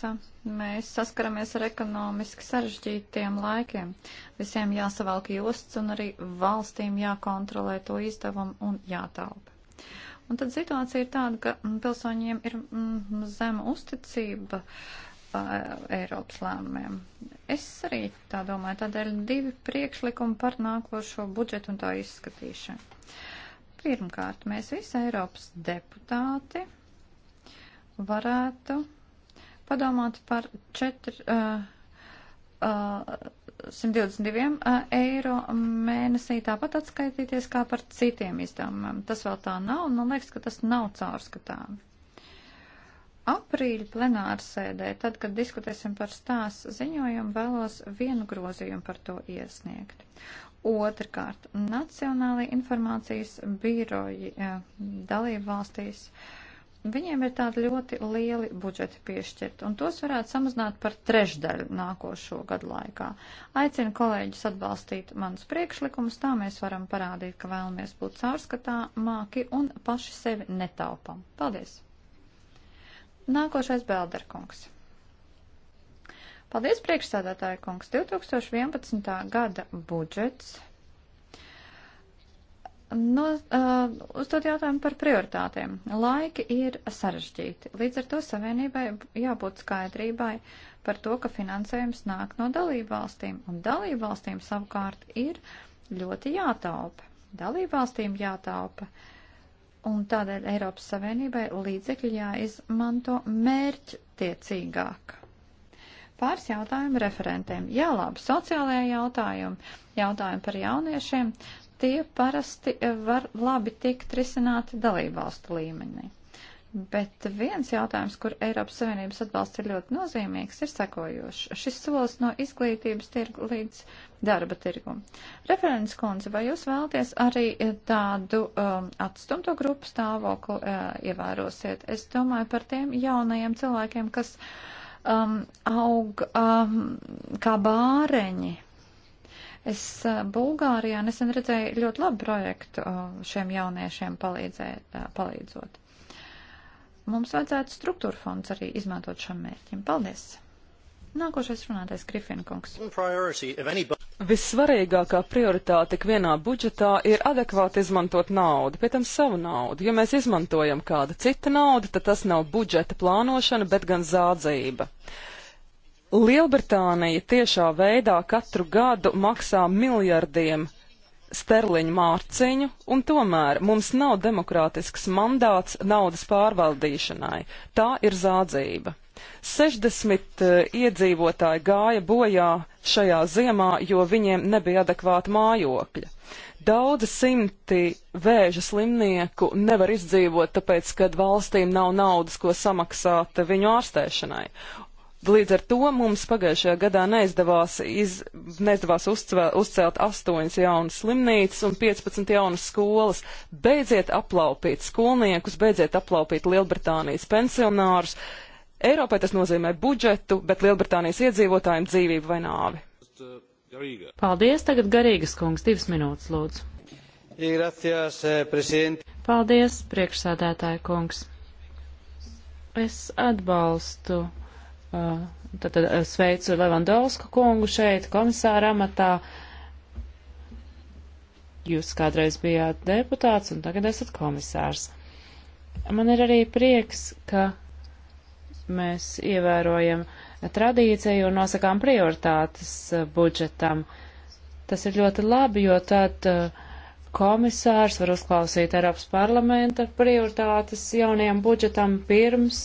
mēs saskaramies ar ekonomiski sarežģītiem laikiem. Visiem jāsavalk josts un arī valstīm jākontrolē to izdevumu un jātaupa. Un tad situācija ir tāda, ka mm, pilsoņiem ir mm, zema uzticība uh, Eiropas lēmumiem. Es arī tā domāju, tādēļ divi priekšlikumi par nākošo budžetu un tā izskatīšanu. Pirmkārt, mēs visi Eiropas deputāti varētu padomāt par četru. Uh, uh, 122 eiro mēnesī tāpat atskaitīties kā par citiem izdevumiem. Tas vēl tā nav, un man liekas, ka tas nav caurskatām. Aprīļa plenārsēdē, tad, kad diskutēsim par stās ziņojumu, vēlos vienu grozījumu par to iesniegt. Otrkārt, Nacionālajie informācijas biroji eh, dalību valstīs. Uh, Viņiem ir tādi ļoti lieli budžeti piešķirt, un tos varētu samazināt par trešdaļu nākošo gadu laikā. Aicinu kolēģis atbalstīt manus priekšlikumus, tā mēs varam parādīt, ka vēlamies būt caurskatāmāki un paši sevi netaupam. Paldies! Nākošais Bēlderkungs. Paldies, priekšsādātāja kungs! 2011. gada budžets No, nu, uh, eh, uzdot jautājumu par prioritātēm. Laiki ir sarežģīti. Līdz ar to savienībai jābūt skaidrībai par to, ka finansējums nāk no dalību valstīm, un dalību valstīm savukārt ir ļoti jātaupa. Dalību valstīm jātaupa, un tādēļ Eiropas Savienībai līdzekļi jāizmanto mērķtiecīgāk. Pāris jautājumu referentiem. Jā, labi, sociālajie jautājumi, jautājumi par jauniešiem tie parasti eh, var labi tikt risināti dalībvalstu līmenī. Bet viens jautājums, kur Eiropas Savienības atbalsts ir ļoti nozīmīgs, ir sekojošs. Šis solis no izglītības tirgu līdz darba tirgu. Referents kundze, vai jūs vēlaties arī eh, tādu um, atstumto grupu stāvokli uh, ievērosiet? Es domāju par tiem jaunajiem cilvēkiem, kas um, aug um, kā bāreņi Es eh, Bulgārijā nesen redzēju ļoti labu projektu eh, šiem jauniešiem palīdzē, eh, palīdzot. Mums vajadzētu struktūra fonds arī izmantot šam mērķim. Paldies! Nākošais runātais Grifinkungs. Vissvarīgākā prioritāte ikvienā budžetā ir adekvāti izmantot naudu, pie tam savu naudu. Ja mēs izmantojam kādu citu naudu, tad tas nav budžeta plānošana, bet gan zādzība. Lielbritānija tiešā veidā katru gadu maksā miljardiem sterliņu mārciņu, un tomēr mums nav demokrātisks mandāts naudas pārvaldīšanai. Tā ir zādzība. 60 eh, iedzīvotāji gāja bojā šajā ziemā, jo viņiem nebija adekvāta mājokļa. Daudzi simti vēža slimnieku nevar izdzīvot, tāpēc, ka valstīm nav naudas, ko samaksāt viņu ārstēšanai. Līdz ar to mums pagājušajā gadā neizdevās, iz, neizdevās uzcvēl, uzcelt astoņas jaunas slimnīcas un 15 jaunas skolas. Beidziet aplaupīt skolniekus, beidziet aplaupīt Lielbritānijas pensionārus. Eiropai tas nozīmē budžetu, bet Lielbritānijas iedzīvotājiem dzīvību vai nāvi. Paldies, tagad garīgas kungs, divas minūtes lūdzu. Gracias, eh, Paldies, priekšsādātāja kungs. Es atbalstu Tātad uh, uh, sveicu Levandovsku kungu šeit, komisāra amatā. Jūs kādreiz bijāt deputāts un tagad esat komisārs. Man ir arī prieks, ka mēs ievērojam tradīciju un nosakām prioritātes uh, budžetam. Tas ir ļoti labi, jo tad komisārs var uzklausīt Eiropas parlamenta prioritātes jaunajam budžetam pirms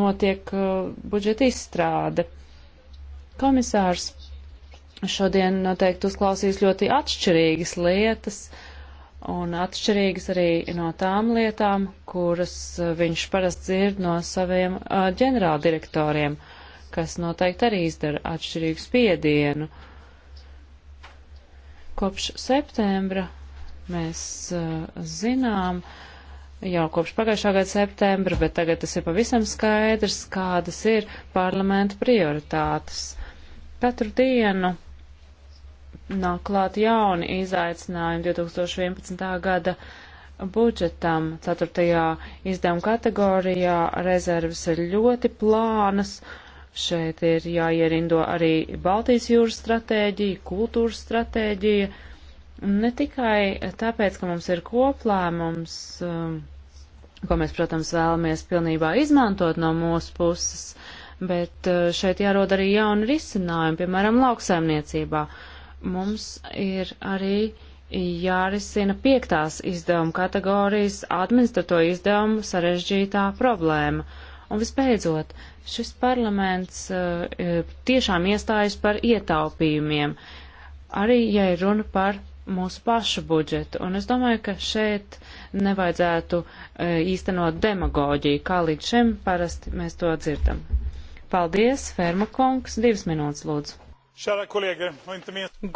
notiek uh, budžeta izstrāde. Komisārs šodien noteikti uzklausīs ļoti atšķirīgas lietas un atšķirīgas arī no tām lietām, kuras uh, viņš parasti dzird no saviem uh, ģenerāldirektoriem, kas noteikti arī izdara atšķirīgu spiedienu. Kopš septembra mēs zinām, uh, jau kopš pagājušā gada septembra, bet tagad tas ir pavisam skaidrs, kādas ir parlamenta prioritātes. Katru dienu nāk klāt jauni izaicinājumi 2011. gada budžetam. Ceturtajā izdevuma kategorijā rezerves ir ļoti plānas. Šeit ir jāierindo arī Baltijas jūras stratēģija, kultūras stratēģija Ne tikai tāpēc, ka mums ir koplēmums, um, ko mēs, protams, vēlamies pilnībā izmantot no mūsu puses, bet uh, šeit jārod arī jauni risinājumi, piemēram, lauksaimniecībā. Mums ir arī jārisina piektās izdevuma kategorijas administrato izdevumu sarežģītā problēma. Un visbeidzot, šis parlaments uh, tiešām iestājas par ietaupījumiem, arī ja ir runa par mūsu pašu budžetu. Un es domāju, ka šeit nevajadzētu e, īstenot demagoģiju, kā līdz šim parasti mēs to dzirdam. Paldies, Ferma kungs, divas minūtes lūdzu.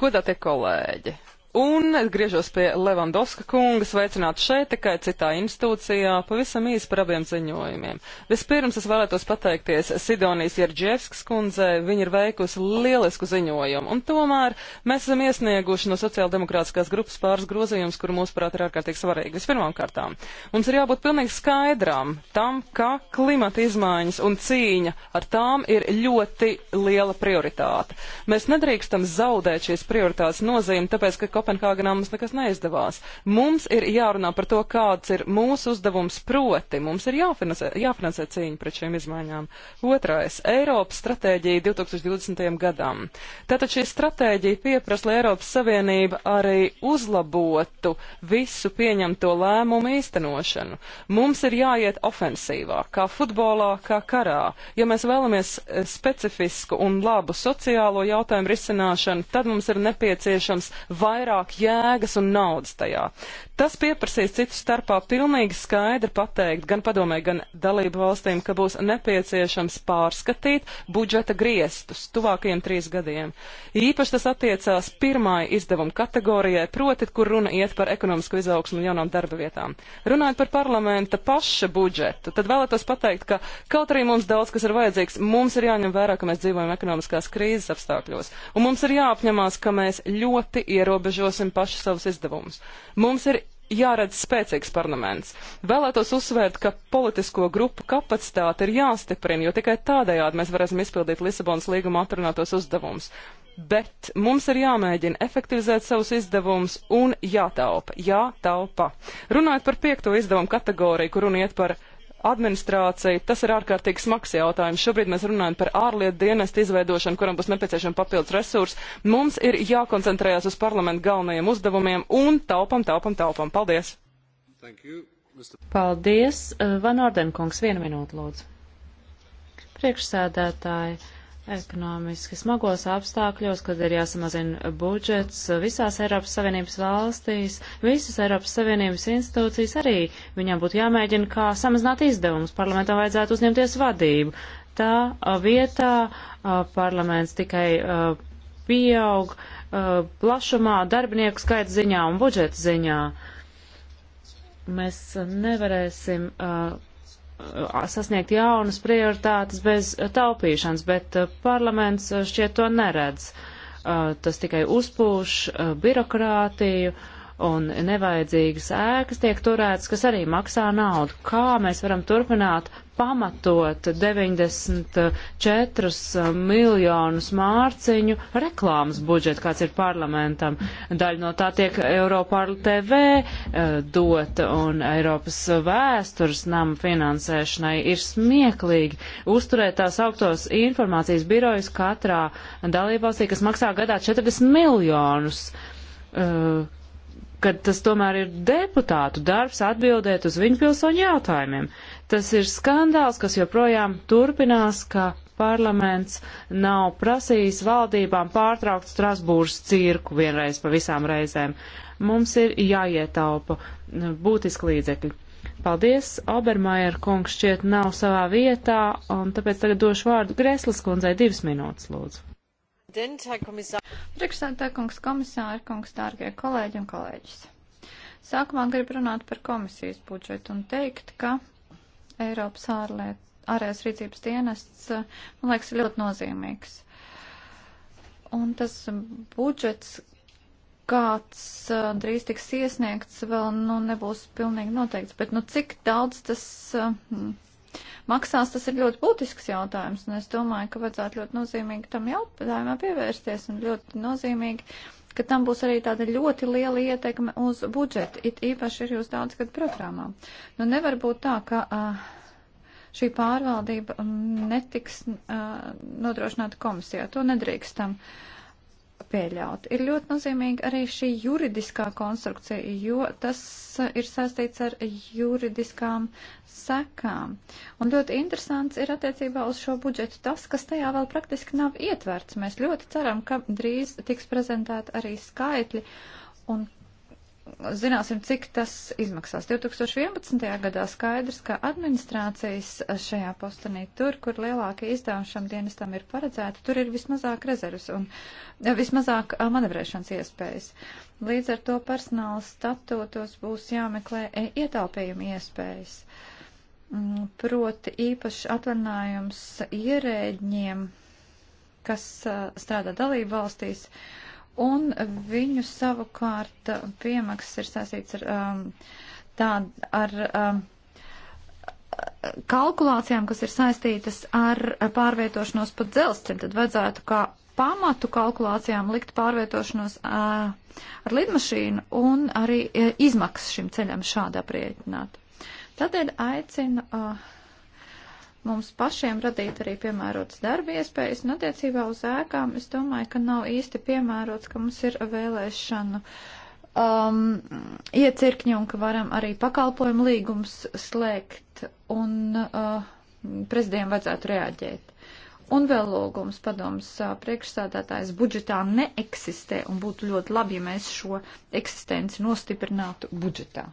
Godātie kolēģi, Un griežos pie Levandovska kunga, sveicināt šeit, tikai citā institūcijā, pavisam īsi par abiem ziņojumiem. Vispirms es vēlētos pateikties Sidonijas Jerģevskas kundzei, viņa ir veikusi lielisku ziņojumu, un tomēr mēs esam iesnieguši no sociāldemokrātiskās grupas pāris grozījumus, kur mūsuprāt ir ārkārtīgi svarīgi. Vispirmām kārtām, mums ir jābūt pilnīgi skaidrām tam, ka klimata izmaiņas un cīņa ar tām ir ļoti liela prioritāte. Mēs nedrīkstam zaudēt šīs prioritātes nozīmi, tāpēc, ka Kopenhāgenā mums nekas neizdevās. Mums ir jārunā par to, kāds ir mūsu uzdevums proti. Mums ir jāfinansē, jāfinansē cīņa pret šīm izmaiņām. Otrais - Eiropas stratēģija 2020. gadam. Tātad šī stratēģija pieprasa, lai Eiropas Savienība arī uzlabotu visu pieņemto lēmumu īstenošanu. Mums ir jāiet ofensīvā, kā futbolā, kā karā. Ja mēs vēlamies eh, specifisku un labu sociālo jautājumu risināšanu, tad mums ir nepieciešams vairāk vairāk jēgas un naudas tajā. Tas pieprasīs citu starpā pilnīgi skaidri pateikt gan padomē, gan dalību valstīm, ka būs nepieciešams pārskatīt budžeta griestus tuvākajiem trīs gadiem. Īpaši tas attiecās pirmai izdevuma kategorijai, proti, kur runa iet par ekonomisku izaugsmu un jaunām darba vietām. Runājot par parlamenta paša budžetu, tad vēlētos pateikt, ka kaut arī mums daudz kas ir vajadzīgs, mums ir jāņem vērā, ka mēs dzīvojam ekonomiskās krīzes apstākļos, un mums ir jāapņemās, ka mēs ļoti ierobežosim paši savus izdevumus. Mums ir jāredz spēcīgs parlaments. Vēlētos uzsvērt, ka politisko grupu kapacitāte ir jāstiprina, jo tikai tādējādi mēs varēsim izpildīt Lisabonas līguma atrunātos uzdevumus. Bet mums ir jāmēģina efektivizēt savus izdevumus un jātaupa, jātaupa. Runājot par piekto izdevumu kategoriju, kur runa iet par administrāciju, tas ir ārkārtīgi smags jautājums. Šobrīd mēs runājam par ārlietu dienestu izveidošanu, kuram būs nepieciešama papildus resursi. Mums ir jākoncentrējas uz parlamentu galvenajiem uzdevumiem un taupam, taupam, taupam. Paldies! You, Paldies! Van Ordenkungs, vienu minūtu lūdzu. Priekšsēdētāji ekonomiski smagos apstākļos, kad ir jāsamazina budžets visās Eiropas Savienības valstīs, visas Eiropas Savienības institūcijas arī viņām būtu jāmēģina kā samazināt izdevumus. Parlamentam vajadzētu uzņemties vadību. Tā vietā parlaments tikai pieaug plašumā, darbinieku skaita ziņā un budžeta ziņā. Mēs nevarēsim uh, Uh, sasniegt jaunas prioritātes bez taupīšanas, bet uh, parlaments uh, šķiet to neredz. Tas tikai uzpūš birokrātiju un nevajadzīgas ēkas tiek turētas, kas arī maksā naudu. Kā mēs varam turpināt pamatot 94 eh, miljonus mārciņu reklāmas budžetu, kāds ir parlamentam. Daļa no tā tiek Eiroparl TV eh, dota un Eiropas vēstures nama finansēšanai. Ir smieklīgi uzturēt tās augtos informācijas birojas katrā dalībvalstī, kas maksā gadā 40 miljonus. Uh, kad tas tomēr ir deputātu darbs atbildēt uz viņu pilsoņu jautājumiem. Tas ir skandāls, kas joprojām turpinās, ka parlaments nav prasījis valdībām pārtraukt Strasbūras cirku vienreiz pa visām reizēm. Mums ir jāietaupa būtiski līdzekļi. Paldies, Obermajer kungs šķiet nav savā vietā, un tāpēc tagad došu vārdu Greslas kundzei divas minūtes, lūdzu. Priekšsēdētāj, kungs, komisāri, kungs, dārgie kolēģi un kolēģis. Sākumā gribu runāt par komisijas budžetu un teikt, ka Eiropas ārliet, ārējās rīcības dienests, man liekas, ir ļoti nozīmīgs. Un tas budžets, kāds uh, drīz tiks iesniegts, vēl nu, nebūs pilnīgi noteikts, bet nu, cik daudz tas uh, maksās, tas ir ļoti būtisks jautājums, un es domāju, ka vajadzētu ļoti nozīmīgi tam jautājumā pievērsties, un ļoti nozīmīgi, ka tam būs arī tāda ļoti liela ietekme uz budžetu, it īpaši ir jūs daudz gadu programmā. Nu, nevar būt tā, ka. Uh, šī pārvaldība mm, netiks uh, nodrošināta komisijā. To nedrīkstam uh, pieļaut. Ir ļoti nozīmīga arī šī juridiskā konstrukcija, jo tas uh, ir saistīts ar juridiskām sekām. Un ļoti interesants ir attiecībā uz šo budžetu tas, kas tajā vēl praktiski nav ietverts. Mēs ļoti ceram, ka drīz tiks prezentēti arī skaitļi un zināsim, cik tas izmaksās. 2011. gadā skaidrs, ka administrācijas šajā postenī tur, kur lielākie izdevumi šam dienestam ir paredzēti, tur ir vismazāk rezervas un eh, vismazāk eh, manevrēšanas iespējas. Līdz ar to personāla statūtos būs jāmeklē eh, ietaupījuma iespējas. Mm, proti īpaši atvaļinājums ierēģiem, kas strādā dalību valstīs un viņu savukārt piemaksas ir saistīts ar, um, tād, ar um, kalkulācijām, kas ir saistītas ar pārvietošanos pa dzelzceļu. Tad vajadzētu kā pamatu kalkulācijām likt pārvietošanos uh, ar lidmašīnu un arī uh, izmaksas šim ceļam šādi aprieķināt. Tādēļ aicinu. Uh, mums pašiem radīt arī piemērotas darba iespējas, un attiecībā uz ēkām es domāju, ka nav īsti piemērots, ka mums ir vēlēšanu um, iecirkņi un ka varam arī pakalpojumu līgums slēgt, un uh, prezidiem vajadzētu reaģēt. Un vēl lūgums padoms uh, priekšstādātājs budžetā neeksistē un būtu ļoti labi, ja mēs šo eksistenci nostiprinātu budžetā.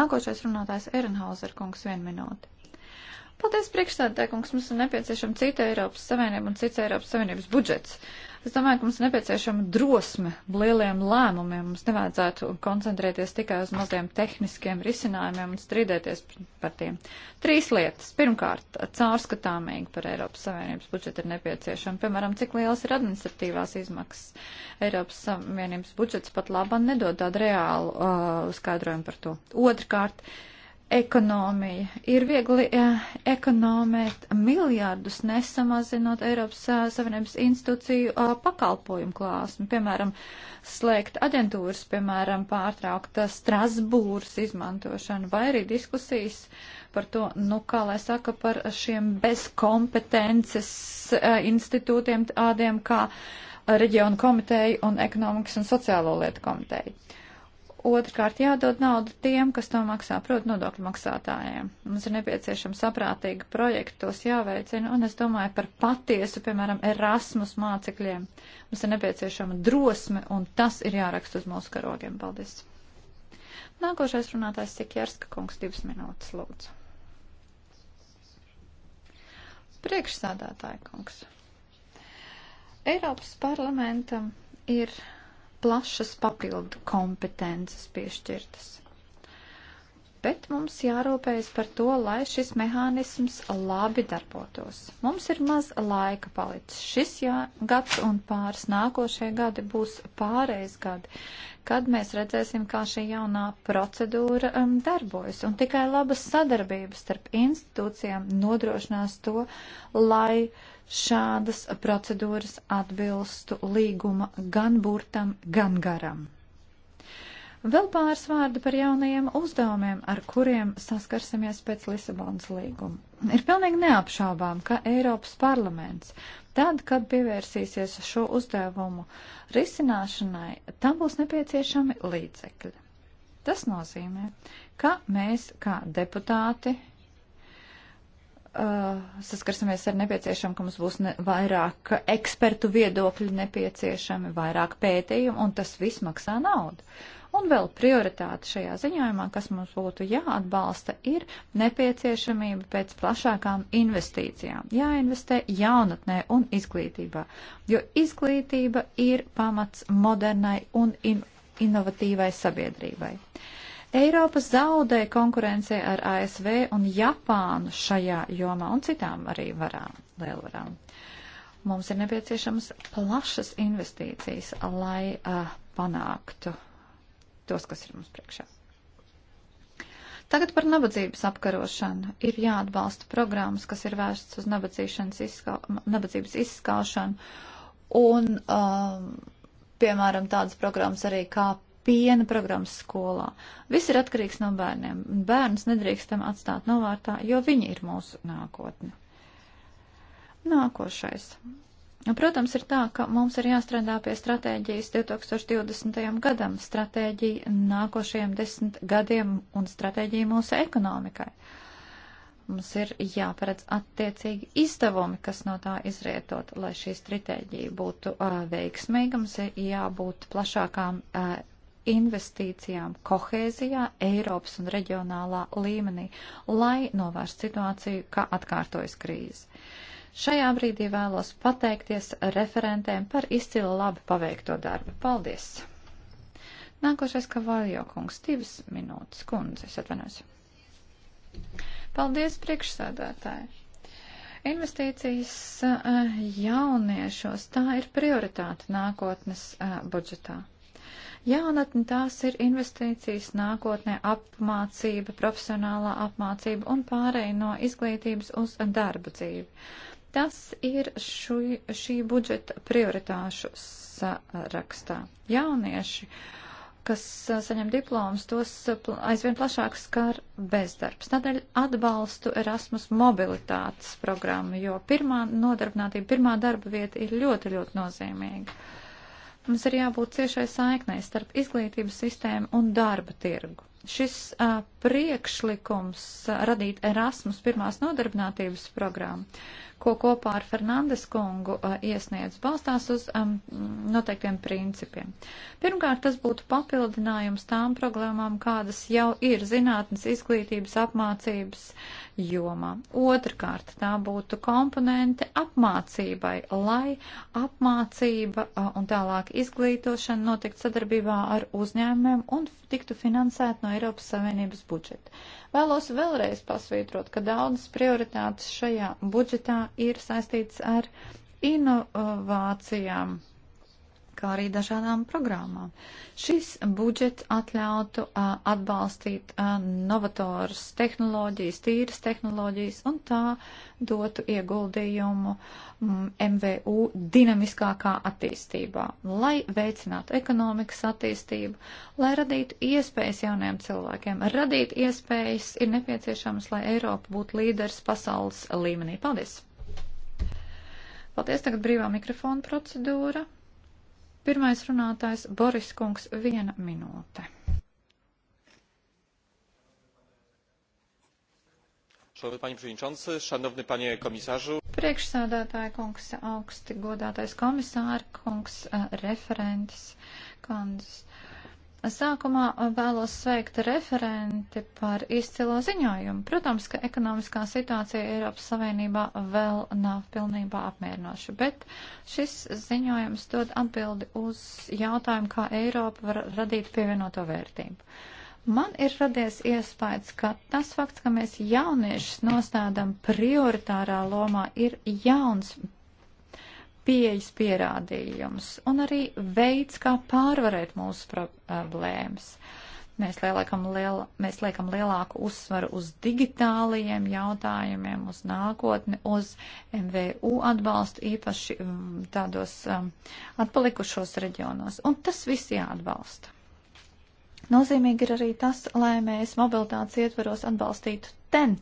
Nākošais runātājs Ehrenhauser kungs vienu minūti. Paldies, priekšstādātāji, kungs, mums ir nepieciešama cita Eiropas Savienība un cits Eiropas Savienības budžets. Es domāju, ka mums ir nepieciešama drosme lieliem lēmumiem. Mums nevajadzētu koncentrēties tikai uz maziem tehniskiem risinājumiem un strīdēties par tiem. Trīs lietas. Pirmkārt, caurskatāmīgi par Eiropas Savienības budžetu ir nepieciešama. Piemēram, cik lielas ir administratīvās izmaksas. Eiropas Savienības budžets pat labam nedod tādu reālu uh, skaidrojumu par to. Otrkārt, uh, ekonomija. Ir viegli uh, ekonomēt miljardus, nesamazinot Eiropas uh, Savienības institūciju uh, pakalpojumu klāsmu. Piemēram, slēgt aģentūras, piemēram, pārtraukt Strasbūras izmantošanu vai arī diskusijas par to, nu, kā lai saka, par šiem bezkompetences institūtiem tādiem kā reģionu komiteju un ekonomikas un sociālo lietu komiteju. Otrkārt, jādod naudu tiem, kas to maksā, proti nodokļu maksātājiem. Mums ir nepieciešama saprātīga projekta, tos jāveicina, un es domāju par patiesu, piemēram, Erasmus mācekļiem. Mums ir nepieciešama drosme, un tas ir jāraksta uz mūsu karogiem. Paldies! Nākošais runātājs Sikierska kungs, divas minūtes, lūdzu. Priekšsādātāja kungs. Eiropas parlamentam ir plašas papildu kompetences piešķirtas bet mums jārūpējas par to, lai šis mehānisms labi darbotos. Mums ir maz laika palicis. Šis jā, gads un pāris nākošie gadi būs pārējais gadi, kad mēs redzēsim, kā šī jaunā procedūra um, darbojas. Un tikai labas sadarbības starp institūcijām nodrošinās to, lai šādas procedūras atbilstu līguma gan burtam, gan garam. Vēl pāris vārdi par jaunajiem uzdevumiem, ar kuriem saskarsimies pēc Lisabonas līguma. Ir pilnīgi neapšaubām, ka Eiropas parlaments tad, kad pievērsīsies šo uzdevumu risināšanai, tam būs nepieciešami līdzekļi. Tas nozīmē, ka mēs kā deputāti uh, saskarsimies ar nepieciešamu, ka mums būs ne, vairāk ekspertu viedokļu nepieciešami, vairāk pētījumu, un tas viss maksā naudu. Un vēl prioritāte šajā ziņojumā, kas mums būtu jāatbalsta, ir nepieciešamība pēc plašākām investīcijām. Jāinvestē jaunatnē un izglītībā, jo izglītība ir pamats modernai un in inovatīvai sabiedrībai. Eiropas zaudē konkurencē ar ASV un Japānu šajā jomā un citām arī varām, lielvarām. Mums ir nepieciešamas plašas investīcijas, lai uh, panāktu tos, kas ir mums priekšā. Tagad par nabadzības apkarošanu. Ir jāatbalsta programmas, kas ir vērstas uz izskau, nabadzības izskaušanu. Un, um, piemēram, tādas programmas arī kā piena programmas skolā. Viss ir atkarīgs no bērniem. Bērnus nedrīkstam atstāt novārtā, jo viņi ir mūsu nākotne. Nākošais. Nu, protams, ir tā, ka mums ir jāstrādā pie stratēģijas 2020. gadam, stratēģija nākošajiem desmit gadiem un stratēģija mūsu ekonomikai. Mums ir jāparedz attiecīgi izdevumi, kas no tā izrietot, lai šī stratēģija būtu uh, veiksmīga. Mums ir jābūt plašākām uh, investīcijām kohēzijā, Eiropas un reģionālā līmenī, lai novērst situāciju, kā atkārtojas krīze. Uh, Šajā brīdī vēlos pateikties referentēm par izcilu labi paveikto darbu. Paldies! Nākošais Kavaljo kungs, divas minūtes, kundze, es atvainojos. Paldies, priekšsēdētāji! Investīcijas eh, jauniešos tā ir prioritāte nākotnes eh, budžetā. Jaunatni tās ir investīcijas nākotnē apmācība, profesionālā apmācība un pārēja no izglītības uz darba dzīvi. Tas ir šui, šī budžeta prioritāšu sarakstā. Jaunieši, kas saņem diplomas, tos aizvien plašāk skar bezdarbs. Tādēļ atbalstu Erasmus mobilitātes programmu, jo pirmā nodarbinātība, pirmā darba vieta ir ļoti, ļoti nozīmīga. Mums ir jābūt ciešai saiknei starp izglītības sistēmu un darba tirgu šis a, priekšlikums a, radīt Erasmus pirmās nodarbinātības programmu ko kopā ar Fernandes kungu uh, iesniedz, balstās uz um, noteiktiem principiem. Pirmkārt, tas būtu papildinājums tām problēmām, kādas jau ir zinātnes, izglītības, apmācības jomā. Otrkārt, tā būtu komponente apmācībai, lai apmācība uh, un tālāk izglītošana notikt sadarbībā ar uzņēmumiem un tiktu finansēt no Eiropas Savienības budžeta. Vēlos vēlreiz pasvītrot, ka daudzas prioritātes šajā budžetā ir saistītas ar inovācijām kā arī dažādām programmām. Šis budžets atļautu a, atbalstīt a, novators tehnoloģijas, tīras tehnoloģijas un tā dotu ieguldījumu m, MVU dinamiskākā attīstībā, lai veicinātu ekonomikas attīstību, lai radītu iespējas jauniem cilvēkiem. Radīt iespējas ir nepieciešams, lai Eiropa būtu līderis pasaules līmenī. Paldies! Paldies, tagad brīvā mikrofona procedūra. Pirmais runātājs Boris Kungs, viena minūte. Priekšsādātāja kungs, augsti godātais komisāra kungs, eh, referents, kundzes. Sākumā uh, vēlos sveikt referenti par izcilo ziņojumu. Protams, ka ekonomiskā situācija Eiropas Savienībā vēl nav pilnībā apmierinoša, bet šis ziņojums dod atbildi uz jautājumu, kā Eiropa var radīt pievienoto vērtību. Man ir radies iespējas, ka tas fakts, ka mēs jauniešus nostādam prioritārā lomā, ir jauns pieejas pierādījums un arī veids, kā pārvarēt mūsu problēmas. Mēs lielākam, liel, mēs liekam lielāku uzsvaru uz digitālajiem jautājumiem, uz nākotni, uz MVU atbalstu, īpaši mm, tādos um, atpalikušos reģionos. Un tas viss jāatbalsta. Nozīmīgi ir arī tas, lai mēs mobilitātes ietveros atbalstītu ten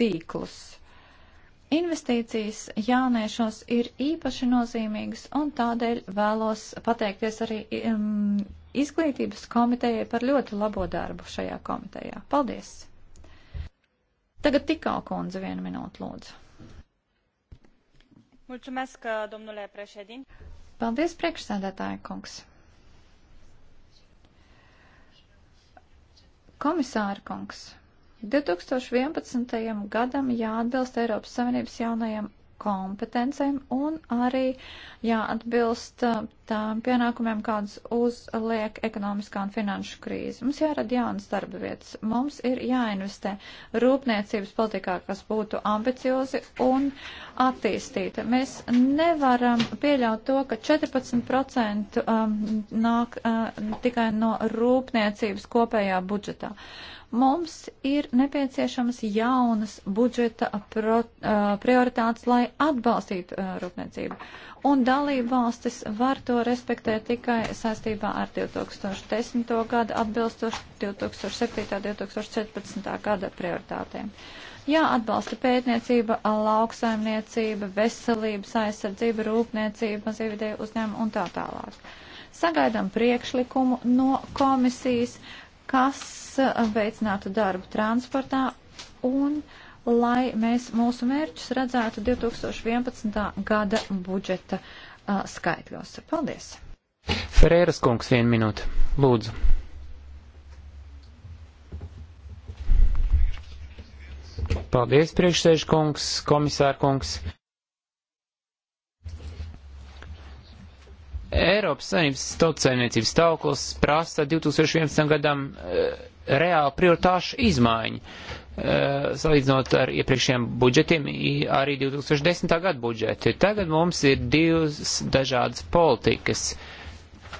tīklus Investīcijas jauniešos ir īpaši nozīmīgas, un tādēļ vēlos pateikties arī um, izglītības komitejai par ļoti labo darbu šajā komitejā. Paldies! Tagad tikā kundze vienu minūtu lūdzu. Mulțumesc, domnule președinte. Paldies, priekšsēdētāja kungs. Komisāra kungs. 2011. gadam jāatbilst Eiropas Savienības jaunajiem kompetencēm un arī jāatbilst uh, tām pienākumiem, kādas uzliek ekonomiskā un finanšu krīze. Mums jārada jaunas darba vietas, mums ir jāinvestē rūpniecības politikā, kas būtu ambiciozi un attīstīta. Mēs nevaram pieļaut to, ka 14% um, nāk uh, tikai no rūpniecības kopējā budžetā. Mums ir nepieciešamas jaunas budžeta pro, uh, prioritātes, lai atbalstītu uh, rūpniecību. Un dalība valstis var to respektēt tikai saistībā ar 2010. gada atbilstoši 2007. 2014. gada prioritātēm jāatbalsta pētniecība, lauksaimniecība, veselības aizsardzība, rūpniecība, mazīvidēju uzņēmumu un tā tālāk. Sagaidām priekšlikumu no komisijas, kas eh, veicinātu darbu transportā un lai mēs mūsu mērķus redzētu 2011. gada budžeta uh, skaitļos. Paldies! Ferēras kungs, vienu minūti. Lūdzu. Paldies, priekšsēžkungs, komisārkungs. Eiropas Savienības tautsēmniecības tauklis prasa 2011. gadam e, eh, reāli prioritāšu izmaiņu, e, salīdzinot ar iepriekšējiem budžetiem, arī 2010. gada budžeti. Tagad mums ir divas dažādas politikas eh,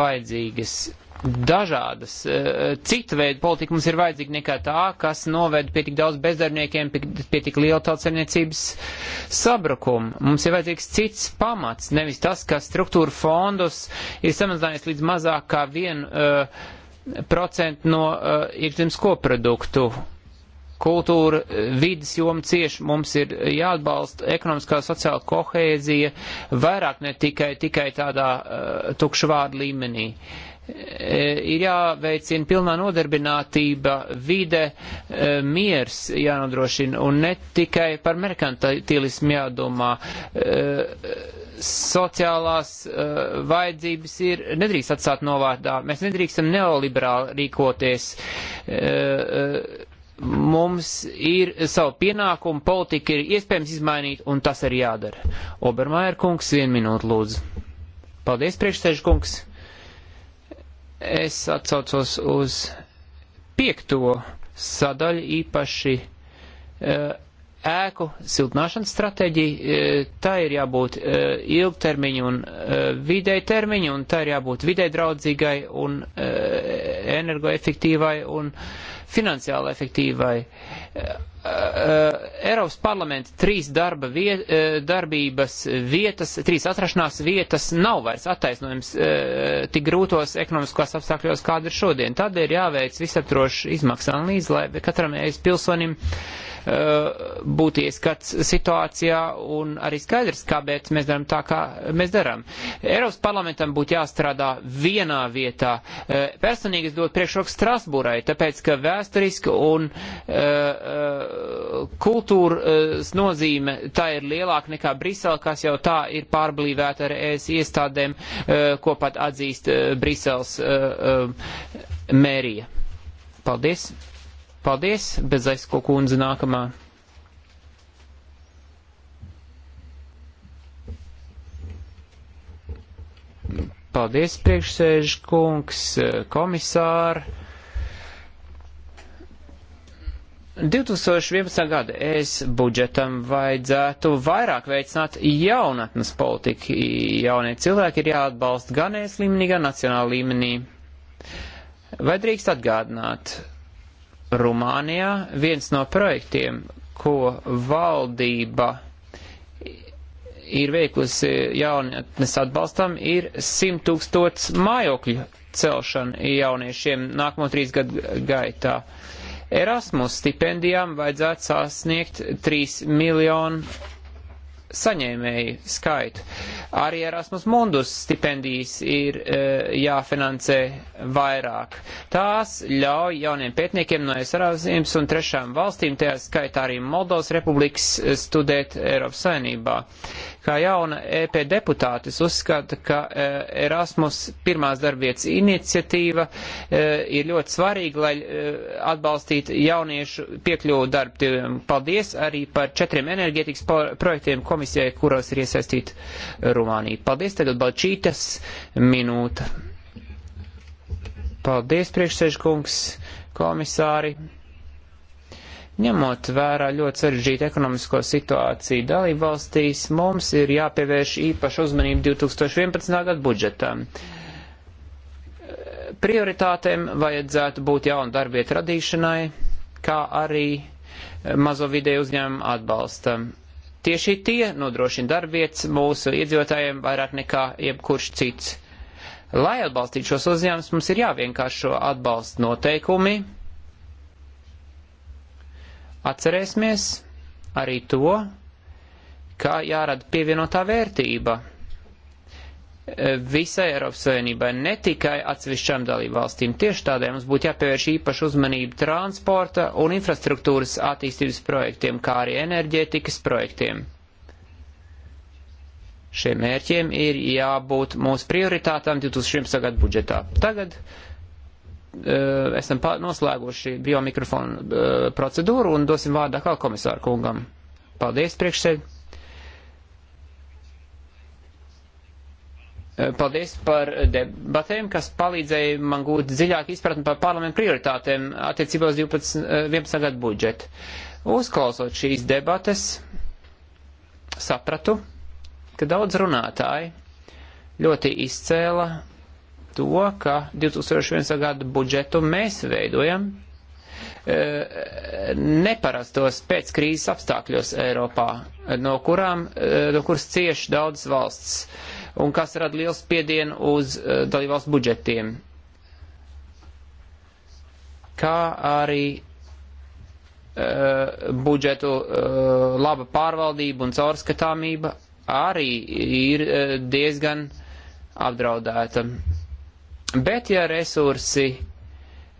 vajadzīgas dažādas, e, cita veida politika mums ir vajadzīga nekā tā, kas noved pie tik daudz bezdarbniekiem, pie tik liela tautsaimniecības sabrukuma. Mums ir vajadzīgs cits pamats, nevis tas, ka struktūra fondus ir samazinājies līdz mazāk kā 1% e, no e, iekšzemes koproduktu. Kultūra, vidas joma cieši mums ir jāatbalsta ekonomiskā sociāla kohēzija vairāk ne tikai, tikai tādā uh, tukšvārdu līmenī. Uh, E, ir jāveicina pilnā nodarbinātība, vide, e, miers jānodrošina un ne tikai par merkantilismu jādomā. E, sociālās vajadzības ir nedrīkst atstāt novārdā. Mēs nedrīkstam neoliberāli rīkoties mums ir savu pienākumu, politika ir iespējams izmainīt, un tas ir jādara. Obermaier kungs, vienu minūtu lūdzu. Paldies, priekšsēžu kungs. Es atcaucos uz piekto sadaļu īpaši e, ēku siltināšanas stratēģija, e, tā ir jābūt e, ilgtermiņa un vidēja termiņa, un tā ir jābūt vidēja draudzīgai un energoefektīvai un finansiāli efektīvai. Uh, Eh, eh, Eiropas parlamenta trīs darba viet, eh, darbības vietas, trīs atrašanās vietas nav vairs attaisnojums tik grūtos ekonomiskos apstākļos, kāda ir šodien. Tad ir jāveic visaptroši izmaksu analīze, lai katram es pilsonim būtu ieskats situācijā un arī skaidrs, kāpēc mēs darām tā, kā mēs darām. Eiropas parlamentam būtu jāstrādā vienā vietā. Personīgi es dotu priekšroku Strasbūrai, tāpēc, ka vēsturiski un uh, Eh, kultūras eh, nozīme tā ir lielāka nekā Brisele, kas jau tā ir pārblīvēta ar ES iestādēm, eh, ko pat atzīst Briseles mērija. Paldies! Paldies, Bezaisko kundze nākamā. Paldies, priekšsēž kungs, komisāri 2011. gada es budžetam vajadzētu vairāk veicināt jaunatnes politiku. Jaunie cilvēki ir jāatbalsta gan es līmenī, gan nacionāla līmenī. Vai drīkst atgādināt? Rumānijā viens no projektiem, ko valdība ir veikusi jaunatnes atbalstam, ir 100 tūkstots mājokļu celšana jauniešiem nākamo trīs gadu gaitā. Uh, Erasmus stipendijām vajadzētu sasniegt 3 miljonu saņēmēju skaitu. Arī Erasmus Mundus stipendijas ir e, jāfinansē vairāk. Tās ļauj jauniem pētniekiem no Eiropas un trešām valstīm, tajā skaitā arī Moldovas republikas, e, studēt Eiropas saimnībā. Kā jauna EP deputāte, es uzskatu, ka e, Erasmus pirmās darbvietas iniciatīva e, ir ļoti svarīga, lai e, atbalstītu jauniešu piekļuvu darbu. Paldies arī par četriem enerģētikas projektiem komisijai, kuros ir iesaistīta Rumānija. Paldies, tagad Balčītas minūte. Paldies, priekšsēžkungs, komisāri. Ņemot vērā ļoti sarežģītu ekonomisko situāciju dalību valstīs, mums ir jāpievērš īpaša uzmanība 2011. gada budžetam. Prioritātēm vajadzētu būt jaunu darbietu radīšanai, kā arī mazo vidēju uzņēmumu atbalstam. Tieši tie nodrošina darbvietas mūsu iedzīvotājiem vairāk nekā jebkurš cits. Lai atbalstītu šos uzņēmumus, mums ir jāvienkāršo atbalsta noteikumi Atcerēsimies arī to, kā jārada pievienotā vērtība visai Eiropas Savienībai, ne tikai atsevišķām dalību valstīm. Tieši tādēļ mums būtu jāpievērš īpaša uzmanība transporta un infrastruktūras attīstības projektiem, kā arī enerģētikas projektiem. Šiem mērķiem ir jābūt mūsu prioritātām 2011. gadu budžetā. Tagad Eh, esam noslēguši biomikrofonu eh, procedūru un dosim vārdu atkal komisāru kungam. Paldies priekšsēd. Eh, paldies par debatēm, kas palīdzēja man gūt dziļāk izpratni par parlamentu prioritātēm attiecībā uz 12, 11. gadu budžetu. Uzklausot šīs debates, sapratu, ka daudz runātāji ļoti izcēla to, ka 2011. gada budžetu mēs veidojam e, neparastos pēc krīzes apstākļos Eiropā, no, kurām, e, no kuras cieši daudz valsts un kas rada liels spiedienu uz e, dalībvalstu budžetiem. Kā arī budžetu laba pārvaldība un caurskatāmība arī ir diezgan apdraudēta. Bet, ja resursi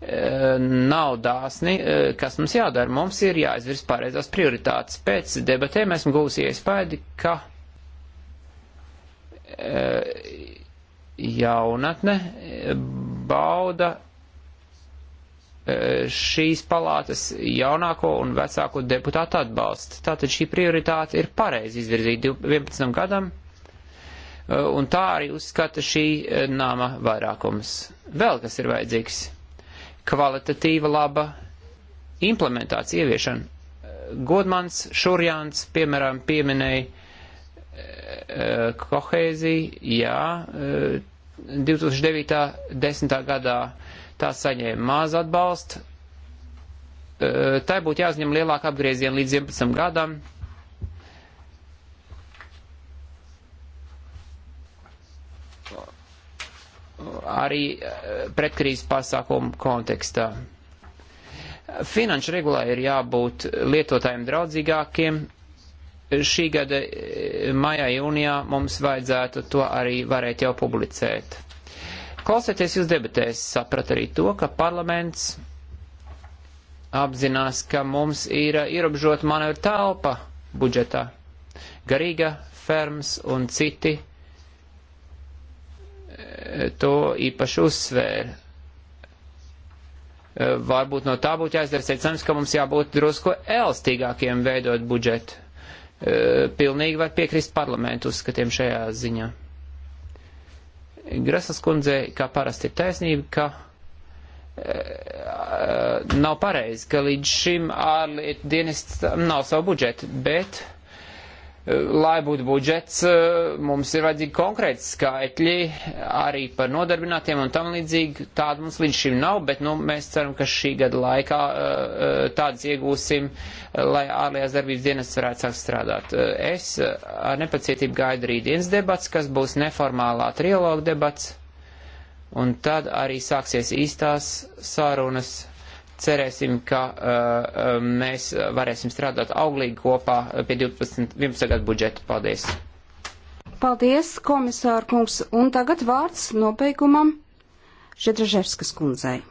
e, nav dāsni, e, kas mums jādara. Mums ir jāizvirs pareizās prioritātes. Pēc debatēm esmu gūsi iespēju, ka e, jaunatne bauda šīs palātas jaunāko un vecāko deputātu atbalstu. Tātad šī prioritāte ir pareizi izvirzīta 11 gadam Eh, un tā arī uzskata šī eh, nama vairākums. Vēl kas ir vajadzīgs? Kvalitatīva laba implementācija, ieviešana. Eh, Godmans, Šurjāns, piemēram, pieminēja eh, kohēziju, jā, eh, 2009.10. gadā tā saņēma maz atbalstu, eh, tai būtu jāuzņem lielāka apgrieziena līdz 11 gadam. arī eh, pretkrīzes pasākumu kontekstā. Finanšu regulā ir jābūt lietotājiem draudzīgākiem. Šī gada eh, maijā, jūnijā mums vajadzētu to arī varēt jau publicēt. Klausoties jūs debatēs, saprat arī to, ka parlaments apzinās, ka mums ir eh, ierobežota manevra telpa budžetā. Garīga, ferms un citi to īpaši uzsvēra. E, varbūt no tā būtu jāizdara secinājums, ka mums jābūt drusku elastīgākiem veidot budžetu. E, pilnīgi var piekrist parlamentu uzskatiem šajā ziņā. Grasas kundzei, kā parasti ir taisnība, ka e, nav pareizi, ka līdz šim ārlietu dienestam nav savu budžetu, bet lai būtu budžets, eh, mums ir vajadzīgi konkrēti skaitļi arī par nodarbinātiem un tam līdzīgi. Tāda mums līdz šim nav, bet nu, mēs ceram, ka šī gada laikā eh, eh, tādas iegūsim, lai ārējās darbības dienas varētu sākt strādāt. Es ar nepacietību gaidu rītdienas debats, kas būs neformālā trialoga debats, un tad arī sāksies īstās sārunas cerēsim, ka uh, uh, mēs varēsim strādāt auglīgi kopā pie 12, 11. gadu budžeta. Paldies! Paldies, komisāra kungs! Un tagad vārds nobeigumam Žedražerskas kundzei.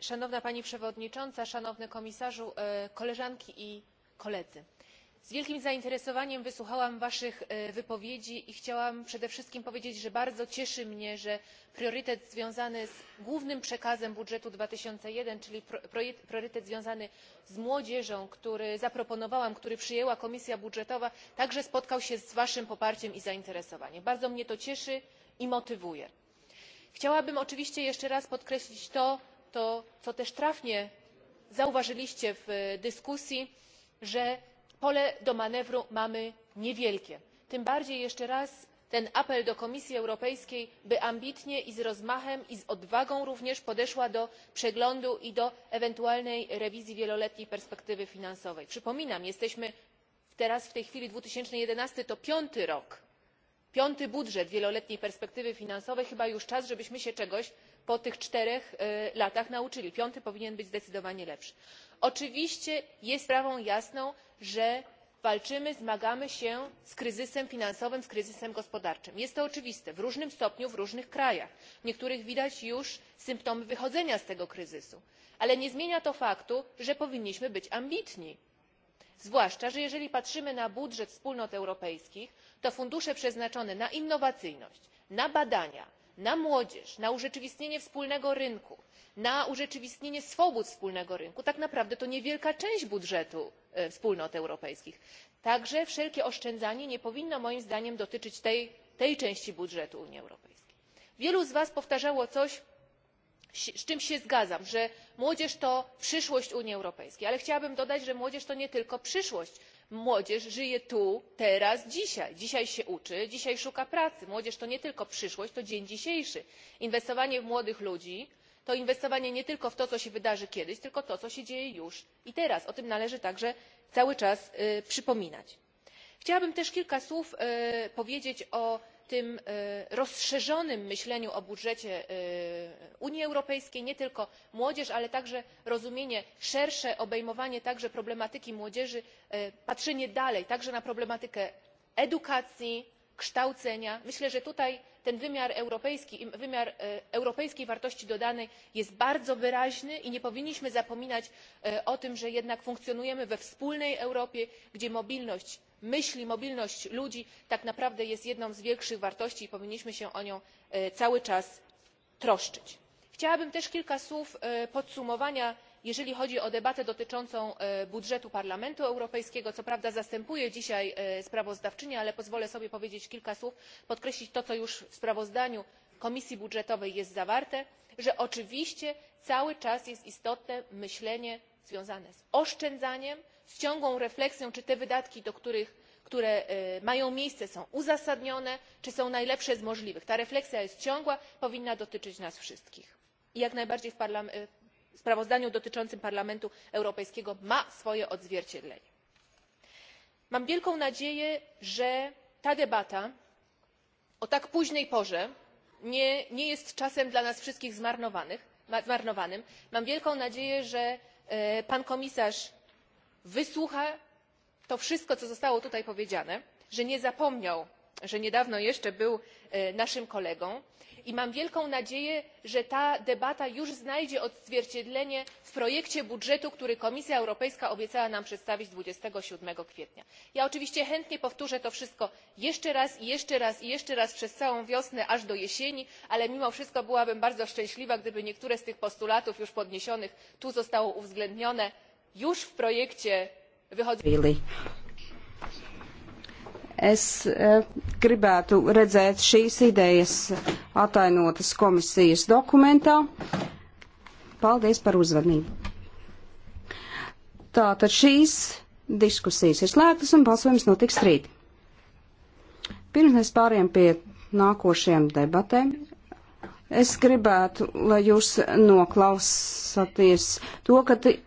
Szanowna Pani Przewodnicząca, Szanowny Komisarzu, e, koleżanki i koledzy z wielkim zainteresowaniem wysłuchałam waszych e, wypowiedzi i chciałam przede wszystkim powiedzieć że bardzo cieszy mnie że priorytet związany z głównym przekazem budżetu dwa tysiące jeden czyli priorytet związany z młodzieżą który zaproponowałam który przyjęła komisja budżetowa także spotkał się z waszym poparciem i zainteresowaniem. bardzo mnie to cieszy i motywuje. chciałabym oczywiście jeszcze raz podkreślić to co też trafnie zauważyliście w e, dyskusji że pole do manewru mamy niewielkie tym bardziej jeszcze raz ten apel do komisji europejskiej by ambitnie i z rozmachem i z odwagą również podeszła do przeglądu i do ewentualnej rewizji wieloletniej perspektywy finansowej. przypominam jesteśmy teraz w tej chwili dwa tysiące jedenaście to piąty rok piąty budżet wieloletniej perspektywy finansowej chyba już czas żebyśmy się czegoś po tych czterech latach nauczyli piąty powinien być zdecydowanie lepszy. oczywiście jest sprawą jasną że walczymy zmagamy się z kryzysem finansowym z kryzysem gospodarczym. jest to oczywiste w różnym stopniu w różnych krajach w niektórych widać już symptomy wychodzenia z tego kryzysu ale nie zmienia to faktu że powinniśmy być ambitni zwłaszcza że jeżeli patrzymy na budżet wspólnot europejskich to fundusze przeznaczone na innowacyjność na badania na młodzież na urzeczywistnienie wspólnego rynku na urzeczywistnienie swobód wspólnego rynku tak naprawdę to niewielka część budżetu e, wspólnot europejskich. także wszelkie oszczędzanie nie powinno moim zdaniem dotyczyć tej części budżetu unii europejskiej. wielu z was powtarzało coś z czym się zgadzam że młodzież to przyszłość unii europejskiej ale chciałabym dodać że młodzież to nie tylko przyszłość młodzież żyje tu teraz dzisiaj dzisiaj się uczy dzisiaj szuka pracy młodzież to nie tylko przyszłość to dzień dzisiejszy. inwestowanie w młodych ludzi to inwestowanie nie tylko w to co się wydarzy kiedyś tylko w to co się dzieje już i teraz o tym należy także cały czas przypominać. chciałabym też kilka słów powiedzieć tym e, rozszerzonym myśleniu o budżecie e, unii europejskiej nie tylko młodzież ale także rozumienie szersze obejmowanie także problematyki młodzieży e, patrzenie dalej także na problematykę edukacji kształcenia myślę że tutaj ten wymiar europejski i wymiar europejskiej wartości dodanej jest bardzo wyraźny i nie powinniśmy zapominać o tym że jednak funkcjonujemy we wspólnej europie gdzie mobilność myśl i mobilność ludzi tak naprawdę jest jedną z większych wartości i powinniśmy się o nią e, cały czas troszczyć. chciałabym też kilka słów e, podsumowania jeżeli chodzi o debatę dotyczącą e, budżetu parlamentu europejskiego co prawda zastępuję dzisiaj sprawozdawczynię ale pozwolę sobie powiedzieć kilka słów podkreślić to co już w sprawozdaniu komisji budżetowej jest zawarte że oczywiście cały czas jest istotne myślenie związane z oszczędzaniem z ciągłą refleksją czy te wydatki które mają miejsce są uzasadnione czy są najlepsze z możliwych. ta refleksja jest ciągła powinna dotyczyć nas wszystkich i jak najbardziej w sprawozdaniu dotyczącym parlamentu europejskiego ma swoje odzwierciedlenie. mam wielką nadzieję że ta debata o tak późnej porze nie jest czasem dla nas wszystkich zmarnowanym. mam wielką nadzieję że pan komisarz wysłucha to wszystko co zostało tutaj powiedziane że nie zapomniał że niedawno jeszcze był e, naszym kolegą i mam wielką nadzieję że ta debata już znajdzie odzwierciedlenie w projekcie budżetu który komisja europejska obiecała nam przedstawić dwadzieścia siedem kwietnia. ja oczywiście chętnie powtórzę to wszystko jeszcze raz i jeszcze raz i jeszcze raz przez całą wiosnę aż do jesieni ale mimo wszystko byłabym bardzo szczęśliwa gdyby niektóre z tych postulatów już podniesionych tu zostały uwzględnione już w projekcie wychodzi. Es e, gribētu redzēt šīs idejas atainotas komisijas dokumentā. Paldies par uzmanību. Tātad šīs diskusijas ir slēgtas un balsojums notiks rīt. Pirms mēs pāriem pie nākošajām debatēm, es gribētu, lai jūs noklausaties to, ka.